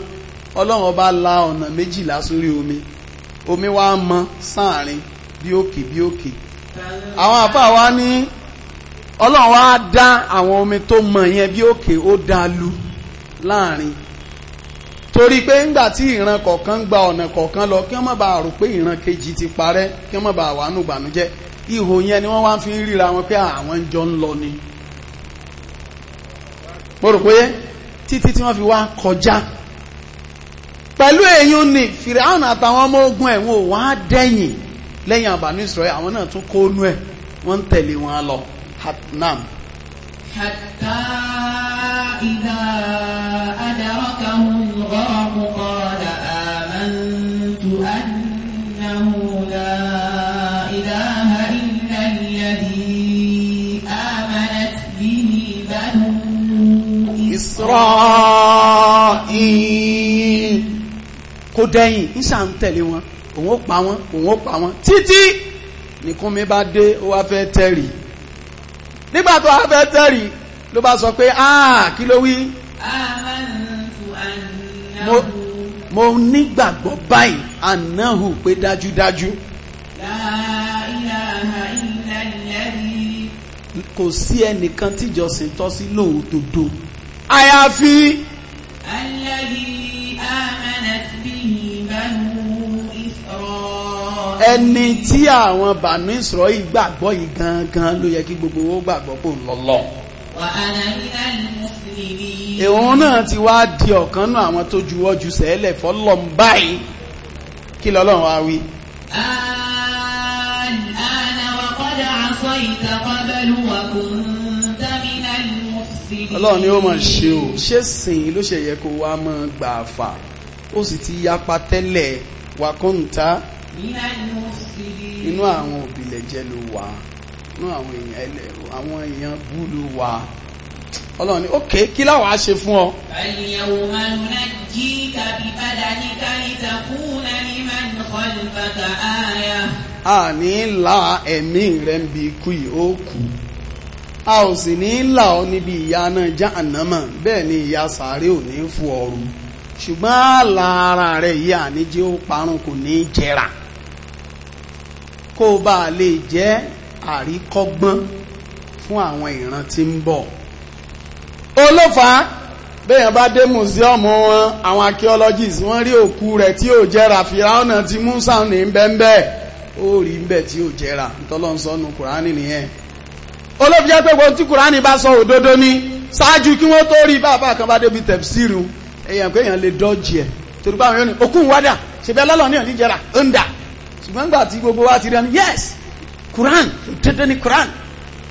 ọlọ́run ọba la ọ̀nà méjìlá sórí omi omi wa mọ sáàrin bí òkè bí òkè àwọn àfáà wa ní ọlọ́run wa dá àwọn omi tó mọ yẹn bí òkè ó dá lu láàrin torí pé ńgbà tí ìran kọ̀ọ̀kan gba ọ̀nà kọ̀ọ̀kan lọ kí wọ́n má bàa rò pé ìran kejì ti parẹ́ kí wọ́n má bàa wà nù bànújẹ́ ihò yẹn ni wọ́n wá fi ríra wọn pé àwọn ń jọ ń lọ ni mo rò pé títí tí wọ́n fi wá kọjá pẹ̀lú èyún ni fìrìhàn àtàwọn ọmọ ogun ẹ̀ wọn ò wá dẹ́yìn lẹ́yìn àbànú ìsọ̀rọ̀ àwọn náà tún kónú ẹ̀ wọ́n ń tẹ̀lé wọn lọ hatnam. hatta idha adarakahu al-gharaqu qala amantu annahu la ilaha illa alladhi dẹ́yìn ìṣà ń tẹ̀lé wọn òun ó pa wọn òun ó pa wọn títí nìkún mi bá dé ó wá fẹ́ tẹ̀rì nígbà tó wá fẹ́ tẹ̀rì ló bá sọ pé ah kí ló wí. mo nígbàgbọ́ báyìí anahu pé dájúdájú. kò sí ẹnìkan tíjọsìn tọ́ sí lóòótọ́ àyàfi. ẹni tí àwọn bànú ìsọ̀rọ̀ yìí gbàgbọ́ yìí gangan ló yẹ kí gbogbo owó gbàgbọ́ kò lọ́lọ́ èèwọ̀n náà ti wá di ọ̀kan náà àwọn tó juwọ́ ju sẹ́lẹ̀ fọ́lọ́m báyìí kí lọ́lọ́run wá wí. ọlọ́run ni ó mọ̀ ṣe o ṣé sìn ló ṣe yẹ kó wá mọ́ gbà fà ó sì ti yapa tẹ́lẹ̀ wàkóńtà inú àwọn òbílẹ̀jẹ́ ló wà inú àwọn èèyàn ẹlẹ́ àwọn èèyàn bú ló wà ọlọ́run ní kí láwàá ṣe fún ọ. ẹ̀yẹ̀wò máa ń ná jí tàbí padà ní káyìtà fún ẹni máa ń kọ́ bàtà áyà. a ní la ẹ̀mí rẹ̀ ń bi ikú yìí ó kú a ò sì ní là ọ níbi ìyà náà já ànámà bẹ́ẹ̀ ni ìyà sàárè ò ní fún ọrùn ṣùgbọ́n àlà rẹ̀ yìí àníjẹ́ ó parun kò ní jẹrà kó o bá lè jẹ́ àríkọ́gbọ́n fún àwọn ìran tí ń bọ̀ olófàá bẹ́yàn bá dé museum wọn àwọn archaeologists wọ́n rí òkú rẹ̀ tí ò jẹ́ra fìràwọ̀nà tí musa ní bẹ́ẹ̀bẹ́ ó rí bẹ́ tí ò jẹ́ra ntọ́lọ́nsọ́nù kùránì nìyẹn olófìjẹ́ pé gbogbo tí kùránì bá sọ òdodo ní ṣáájú kí wọ́n tó rí bàbá kan bá débi tẹ̀síìrù èèyàn pé èèyàn lè dọ́jì ẹ̀ torí báwọn yóò ní òkú wádà ṣèbẹ́ lọ́lọ́ ṣùgbọ́n nígbà tí gbogbo wa ti rí ẹni yes Quran dandan ni Quran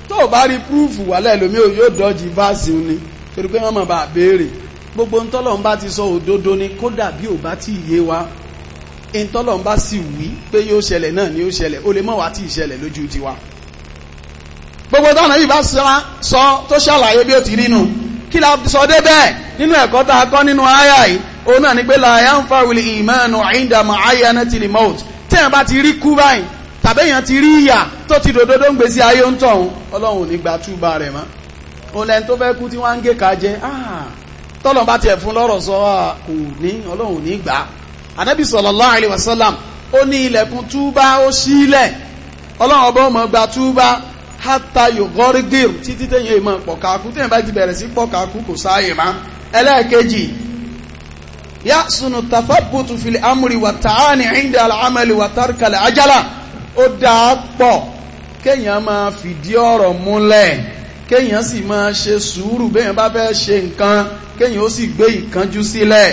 tó o bá rí púrúfù wàhálà ẹlòmí ò yóò dọ́jì fáàsì ni torí pé wọ́n mọ̀ bá béèrè gbogbo ntọ́lọ́run bá ti sọ òdodo ni kódà bí ò bá ti yé wa ntọ́lọ́run bá sì wí pé yóò ṣẹlẹ̀ náà ni yóò ṣẹlẹ̀ ó lè mọ̀ wá tí ì ṣẹlẹ̀ lójú tiwa gbogbo tọ́nà yìí bá sọ tó ṣàlàyé bí ó ti rínú kí la sọ dé bẹ́ẹ̀ nínú ẹ̀kọ́ tá a kọ́ nínú àyà yìí òun náà ni pé la yanfa'u al-imanu 'inda ma'ayanati al-maut téèyàn bá ti rí kú báyìí tàbí èèyàn ti rí ìyà tó ti dòdòdó ń gbèsè ayé ń tọ̀hún ọlọ́run ní gba túbà rẹ̀ mọ́ ó lẹ́ni tó fẹ́ kú tí wọ́n ń gé ka jẹ́ ah, tọ́lọ̀ bá tiẹ̀ fún lọ́rọ̀ sọ ah, kò ní ọlọ́run ní gbà á ànábì sallallahu alaihi wasallam ó ní ilẹ̀kùn túbá ó sílẹ̀ ọlọ́run ọba ọmọ gba túbá hátà yògọ́rígìr títí téèyàn ìmọ̀ pọ̀kàkú téèyàn bá ti bẹ̀rẹ̀ sí pọ̀kàkú kò sáàyè má yásùnù tàfàbùtù fìlẹ̀ amúri wà tààní ìndà àmàlì wà tàrkàlẹ̀ ajálà ó dáa pọ̀ kéèyàn máa fìdí ọ̀rọ̀ múlẹ̀ kéèyàn sì máa ṣe sùúrù béèyàn bá fẹ́ ṣe nǹkan kéèyàn ó sì gbé ìkanjú sílẹ̀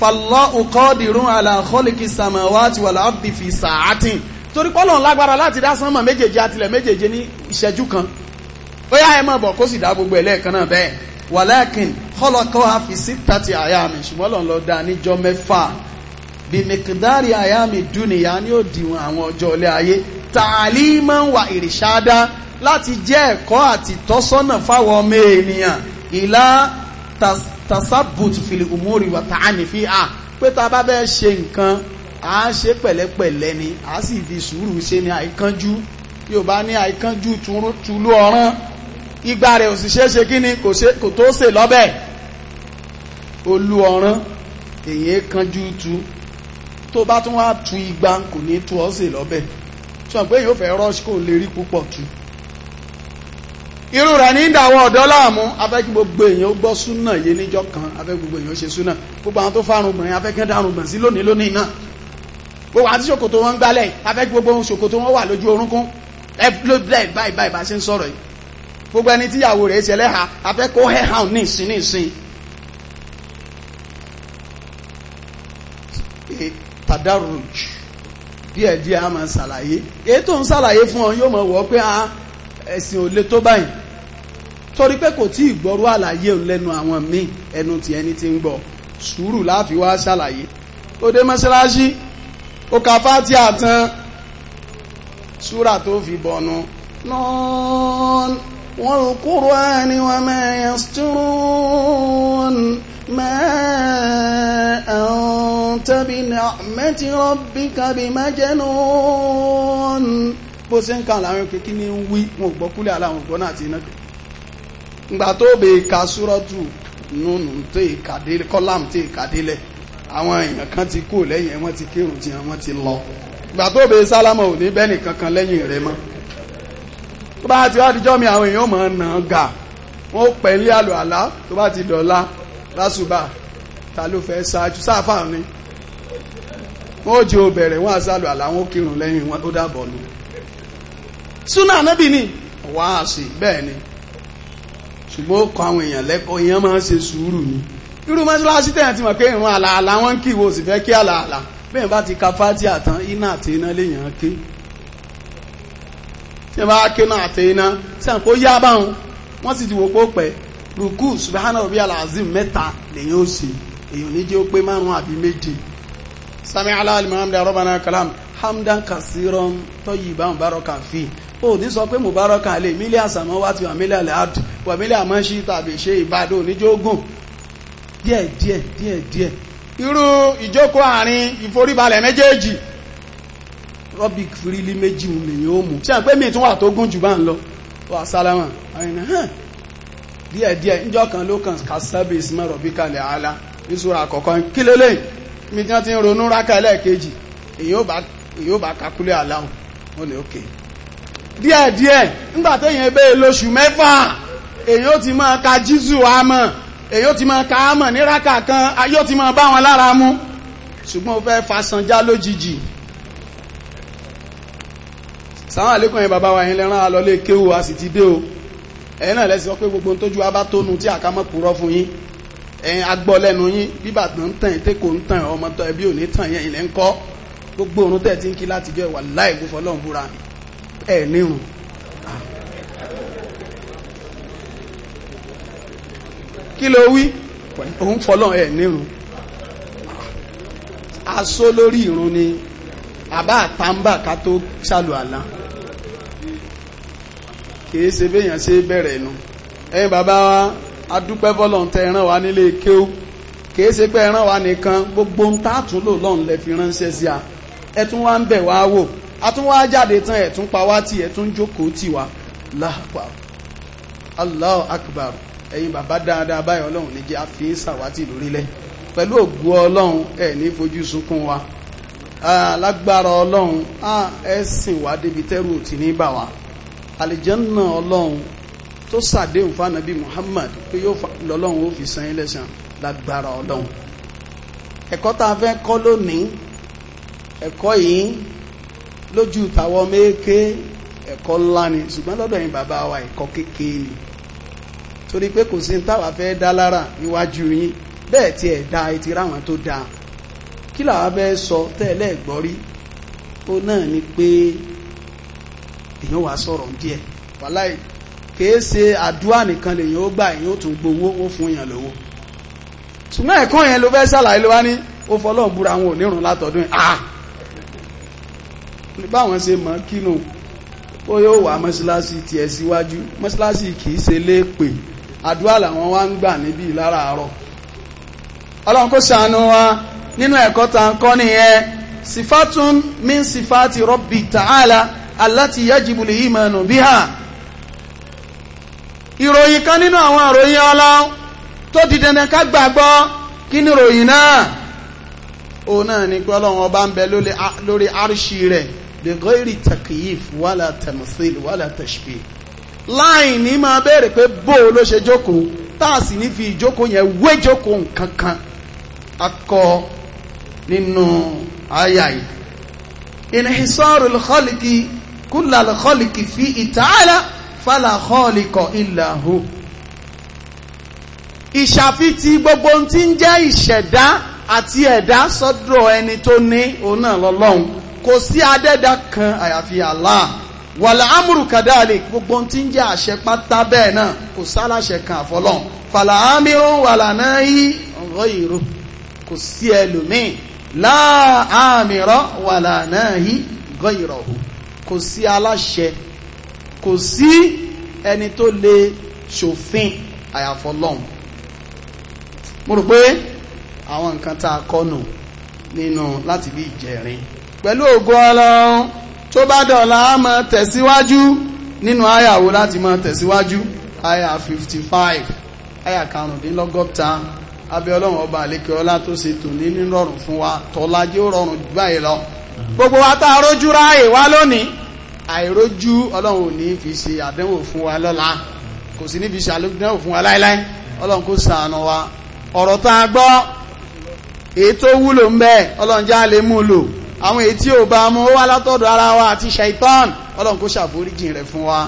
fàlọ́ ọkọ́dìrún àlàkọ́lìkì sàmàwá ti wà láàbì fi sàátìn torí pọ́lọ̀ lágbára láti dá sánmà méjèèje àtilẹ̀ méjèèje ní ìṣẹ́jú kan ó yá ẹ bọ̀ kó sì dá gbogbo ẹ̀lẹ́ẹ̀kan náà bẹ́ẹ̀ wàlẹ́kìn kọ́lọ́kọ́ àfisí tàti àyàmì ṣùgbọ́n lọ́n lọ dá níjọ́ mẹ́fà bí mẹ́kìdárì àyàmì dúnìyà ní òdiwọ̀n àwọn ọjọ́ ilé ayé tààlímọ̀ wà ìrìṣádá láti jẹ́ ẹ̀kọ́ àti tọ́sọ́nà fáwọn ọmọ ènìyàn ìlà tasabut fili umori wa ta'ani fi a pé ta bá bẹ́ẹ̀ ṣe nǹkan a ṣe pẹ̀lẹ́pẹ̀lẹ́ ni a sì fi sùúrù ṣe ni àìkánjú yóò bá ní àìkánjú túlú ọ̀rán igba rẹ̀ ò sì ṣe é ṣe kí ni kò tó sè lọ́bẹ̀ olú ọ̀ràn èyí kanjú tu tó bá tún wá tu igba kò ní tu ọ́ sè lọ́bẹ̀ sọ pé yóò fẹ́ rush kò lè rí púpọ̀ tu irú rẹ̀ ní ìdàwọ̀ ọ̀dọ́ láàmú afẹ́ kí gbogbo èèyàn ó gbọ́ súnà yé níjọ́ kan afẹ́ gbogbo èèyàn ó ṣe súnà gbogbo àwọn tó fárun gbọ̀nyìn afẹ́ kẹ́ dárun gbọ̀n sí lónìí lónìí náà gbogbo àti ṣòkòtò wọn gbálẹ̀ afẹ́ gbogbo ṣòkòtò wọn wà lójú orúnkún ẹ ló bẹ́ẹ̀ báyìí báyìí bá ṣe ń sọ̀rọ̀ yìí gbogbo ẹni tíyàwó rẹ̀ ṣẹlẹ̀ ha afẹ́ kó hair hound ní ìsìn ní ìsìn tadaruj díẹ̀ díẹ̀ a máa ṣàlàyé èyí tó ń ṣàlàyé fún ọ yóò mọ̀ wọ́ pé a ah, ẹ̀sìn ò le tó báyìí torí pé kò tí ìgbọ́rú àlàyé òun lẹ́nu àwọn míì ẹnu ti ẹni tí ń gbọ́ sùúrù láàfi wá ṣàlàyé ó dé mọ́ṣáláṣí ó ka fáti àtàn súrà tó fi bọ̀nu nọ́ọ́nù. والقرآن وما يسترون ما أنت بنعمة ربك بمجنون bó ṣe ń ka làwọn kékeré ní ń wí wọn gbọ́ kúlẹ̀ aláwọn ògbọ́n náà ti iná kan tó bè ka súrọ́tù nùnù tó ìkàdé kọ́làmù tèè kàdé lẹ̀ àwọn èèyàn kan ti kú lẹ́yìn ẹ̀ wọ́n ti kírun tiẹ̀ wọ́n ti lọ sálámà ò tó bá ti wá dijọ́ mi àwọn èèyàn mọ̀ ọ́n nà gà wọ́n pẹ̀ ń lé àlò àlá tó bá ti dọ̀la lásùbà ta ló fẹ́ ṣáájú sáfà ni wọ́n jẹ́ obẹ̀rẹ̀ wọ́n àṣàlù àlá wọn kírun lẹ́yìn wọn ó dàbọ̀ ni súnà anábì ni wàá sí bẹ́ẹ̀ ni ṣùgbọ́n ó kọ àwọn èèyàn lẹ́kọ̀ọ́ èèyàn máa ń ṣe sùúrù ni irú mọ́ṣáláṣí tẹ̀yàn ti mọ̀ pé ìrún àlàálà wọn ń kí ìwò sì fẹ́ kí àlàálà bẹ́ẹ̀ bá ti ka fájí àtàn iná àti iná léèyàn ké tí bá ké náà àti iná sẹ́n kó yá báwọn wọ́n sì ti wò pó pẹ́ rukú subahana obi alazim mẹ́ta lèyìn ó sì èyàn níjẹ́ ó pé márùn-ún àbí méje sami alalimihamdi arọ́bànà kalam hamdan kasiran tọ́yìbá mubaraka fi ó ní sọ pé mubaraka lè mílíà sàmọ́ wá ti wà mílíà lẹ́hàdù wà mílíà mọ́ṣí tàbí ṣe ìbádọ́ oníjógùn díẹ̀ díẹ̀ díẹ̀ díẹ̀ irú ìjókòó àárín ìforíbalẹ̀ méjèèjì rọ́bì fìrílí méjì lèyìn ó mú ṣe àpé mi tún wà tó gùn jù bá ń lọ wà sálámà àyìnà hàn díẹ̀díẹ̀ níjọ́ kan ló kàn kàṣẹ́bì ìsinmọ́ rọ̀bí kalẹ̀ àálá ní súra àkọ́kọ́ kí ló lẹ́yìn mi tí wọ́n ti ń ronú rákà ẹlẹ́ẹ̀kejì èyí ó bá kakulé aláhùn ó lè ókè díẹ̀díẹ̀ nígbà téèyàn bẹ́ẹ̀ lóṣù mẹ́fà èyí ó ti máa ka jísù àmọ́ èyí ti máa ka àmọ́ ní rákà kan ayé ti máa bá wọn lára mu ṣùgbọ́n ó fẹ́ fasanjá lójijì sàwọn àlékún ẹ̀yìn bàbá wa yẹn lẹ́ràn alọ́lé kéwù a sì ti dé o ẹ̀yìn náà lẹ́sìn pé gbogbo tójú abátónu tí àkámọ́ purọ́ fún yín ẹ̀yìn agbọ́ lẹ́nu yín bíbà tó ń tàn ètè kò ń tàn ọmọ tó ẹbí ò ní tàn yẹn ilẹ̀ ń kọ́ gbogbo òrun tẹ̀ tí ń kí láti jọ ìwà láì gbófọ́ búra ẹ̀ nírun. kí ló wí òun fọlọ́ ẹ̀ nírun aṣọ lórí ìrun ni àbá àtàǹbà ká tó ṣàlù àlá kìí ṣe béèyàn ṣe bẹ̀rẹ̀ nu ẹ̀yin bàbá wa adúpẹ́ fọlọ́ǹtẹ̀ ẹ̀ràn wa nílé kéwú kìí ṣe pé ẹ̀ràn wa nìkan gbogbo ń tà tún lò lọ́n lẹ́ fi ránṣẹ́ sí a ẹ tún wá ń bẹ̀ wá wò a tún wá jáde tán ẹ tún pa wá tì ẹ tún jókòó tì wá láàpá Allahu akbar ẹ̀yin bàbá dáadáa báyìí ọlọ́run ní àfi ń ṣàwátì lórílẹ̀ pẹ̀lú ògbó ọlọ́run ẹ̀ ní fojú sunkún wa lágbára ọlọ́run ẹ sìn wá débi tẹ́rù ò ní bà wá àlìjẹ́nà ọlọ́run tó sàdéhùn fánàbí Muhammad pé yóò lọ́lọ́run ó fi san ẹlẹ́sàn lágbára ọlọ́run ẹ̀kọ́ tá a fẹ́ kọ́ lónìí ẹ̀kọ́ yìí lójú tàwọn méèké ẹ̀kọ́ ńlá ni ṣùgbọ́n lọ́dọ̀ yìí bàbá wa ẹ̀kọ́ kékeré ni torí pé kò sí táwa fẹ́ dá lára níwájú yín bẹ́ẹ̀ tí ẹ̀ dá etí ráwọn tó dáa kí làwa fẹ́ sọ tẹ́lẹ̀ gbọ́rí ó náà ni pé èyàn wàá sọ̀rọ̀ díẹ̀ wàláì kìí ṣe àdúrà nìkan lèyàn ó gbà èyàn ó tún gbowó ó fún yàn lówó ṣùgbọ́n ẹ̀kọ́ yẹn ló fẹ́ ṣàlàyé ló wá ní ó fọlọ́ búra àwọn onírun látọdún ah báwọn ṣe mọ̀ kínú ó yóò wá mọ́ṣáláṣí tiẹ̀ síwájú mọ́ṣáláṣí kìí ṣe léèpè àdúrà làwọn wá ń gbà níbí láràárọ̀ ọlọ́run kó ṣàánú wa nínú ẹ̀kọ́ tá ń kọ́ nìyẹn sifatun min sifati rabbi ta'ala aláti yájibùlì ìmọ̀nù bí hà ìròyìn kan nínú àwọn ìròyìn ọlọ́ tó ti dandan ká gbàgbọ́ kí ni ìròyìn náà ó náà ní pé ọlọ́run ọba ń bẹ lórí arṣi rẹ̀ bẹ̀gọ́rì takiyif wàlà tẹ̀mọ̀síl wàlà tẹ̀ṣpì láì ní máa bẹ̀rẹ̀ pé bó o ló ṣe jókòó tá sì ní fi ìjókòó yẹn wé jókòó nǹkan kan akọ nínú àyà yìí ìnìṣọ́rù lọ́ọ̀lìkì kulla al-khalqi fihi ta'ala fala khaliqa illa hu ìṣàfitì gbogbo ohun tí ń jẹ́ ìṣẹ̀dá àti ẹ̀dá sọ́dọ̀ ẹni tó ní òun náà lọ́lọ́run kò sí adẹ́dá kan àyàfi Allah wàlá amúrù kàdáàlì gbogbo ohun tí ń jẹ́ àṣẹ pátá bẹ́ẹ̀ náà kò sáláṣẹ kan àfọlọ́run fàlà ámírùn wàlà náà yí ọ̀rọ̀ ìró kò sí ẹlòmíì láàmìrọ̀ wàlà náà yí gọ́ ìrọ̀hùn kò sí aláṣẹ kò sí ẹni tó lè ṣòfin àyàfọ́ lọ́hùn mo rò pé àwọn nǹkan tá a kọ́nù nínú láti bí ìjẹrin pẹ̀lú ògo ọlọ́run tó bá dọ̀la á máa tẹ̀síwájú nínú àyàwó láti máa tẹ̀síwájú àyà 55 àyà karùndínlọ́gọ́ta abẹ́ ọlọ́run ọba àlékè ọlá tó ṣe tòní nírọ̀rùn fún wa tọ́lá jẹ́ ó rọrùn báyìí lọ gbogbo wa tá a rójú ráàyè wá lónìí àìrójú ọlọ́run ò ní fi ṣe àdánwò fún wa lọ́la kò sí ní fi ṣe àdánwò fún wa láíláí ọlọ́run kó ṣàánú wa ọ̀rọ̀ tá a gbọ́ èyí tó wúlò ń bẹ ọlọ́run já lè mú lò àwọn èyí tí ò bá mú wá látọ̀dọ̀ ara wa àti ṣaitan ọlọ́run kó ṣàforíjìn rẹ̀ fún wa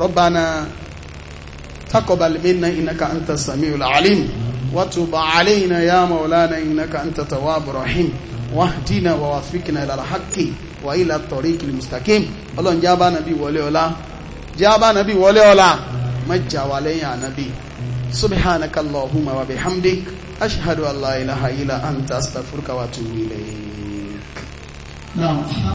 rọ́bànà taqabbal minna innaka anta samiul alim wa tub alayna ya maulana innaka anta tawwabur rahim واهدنا ووفقنا الى الحق والى الطريق المستقيم Ọlọ́run já bá nàbí wọlé ọlá já bá nàbí wọlé ọlá má jà wà lẹ́yìn ànàbí subhanaka allahumma wa bihamdik ashhadu an la ilaha illa anta astaghfiruka wa atubu ilayk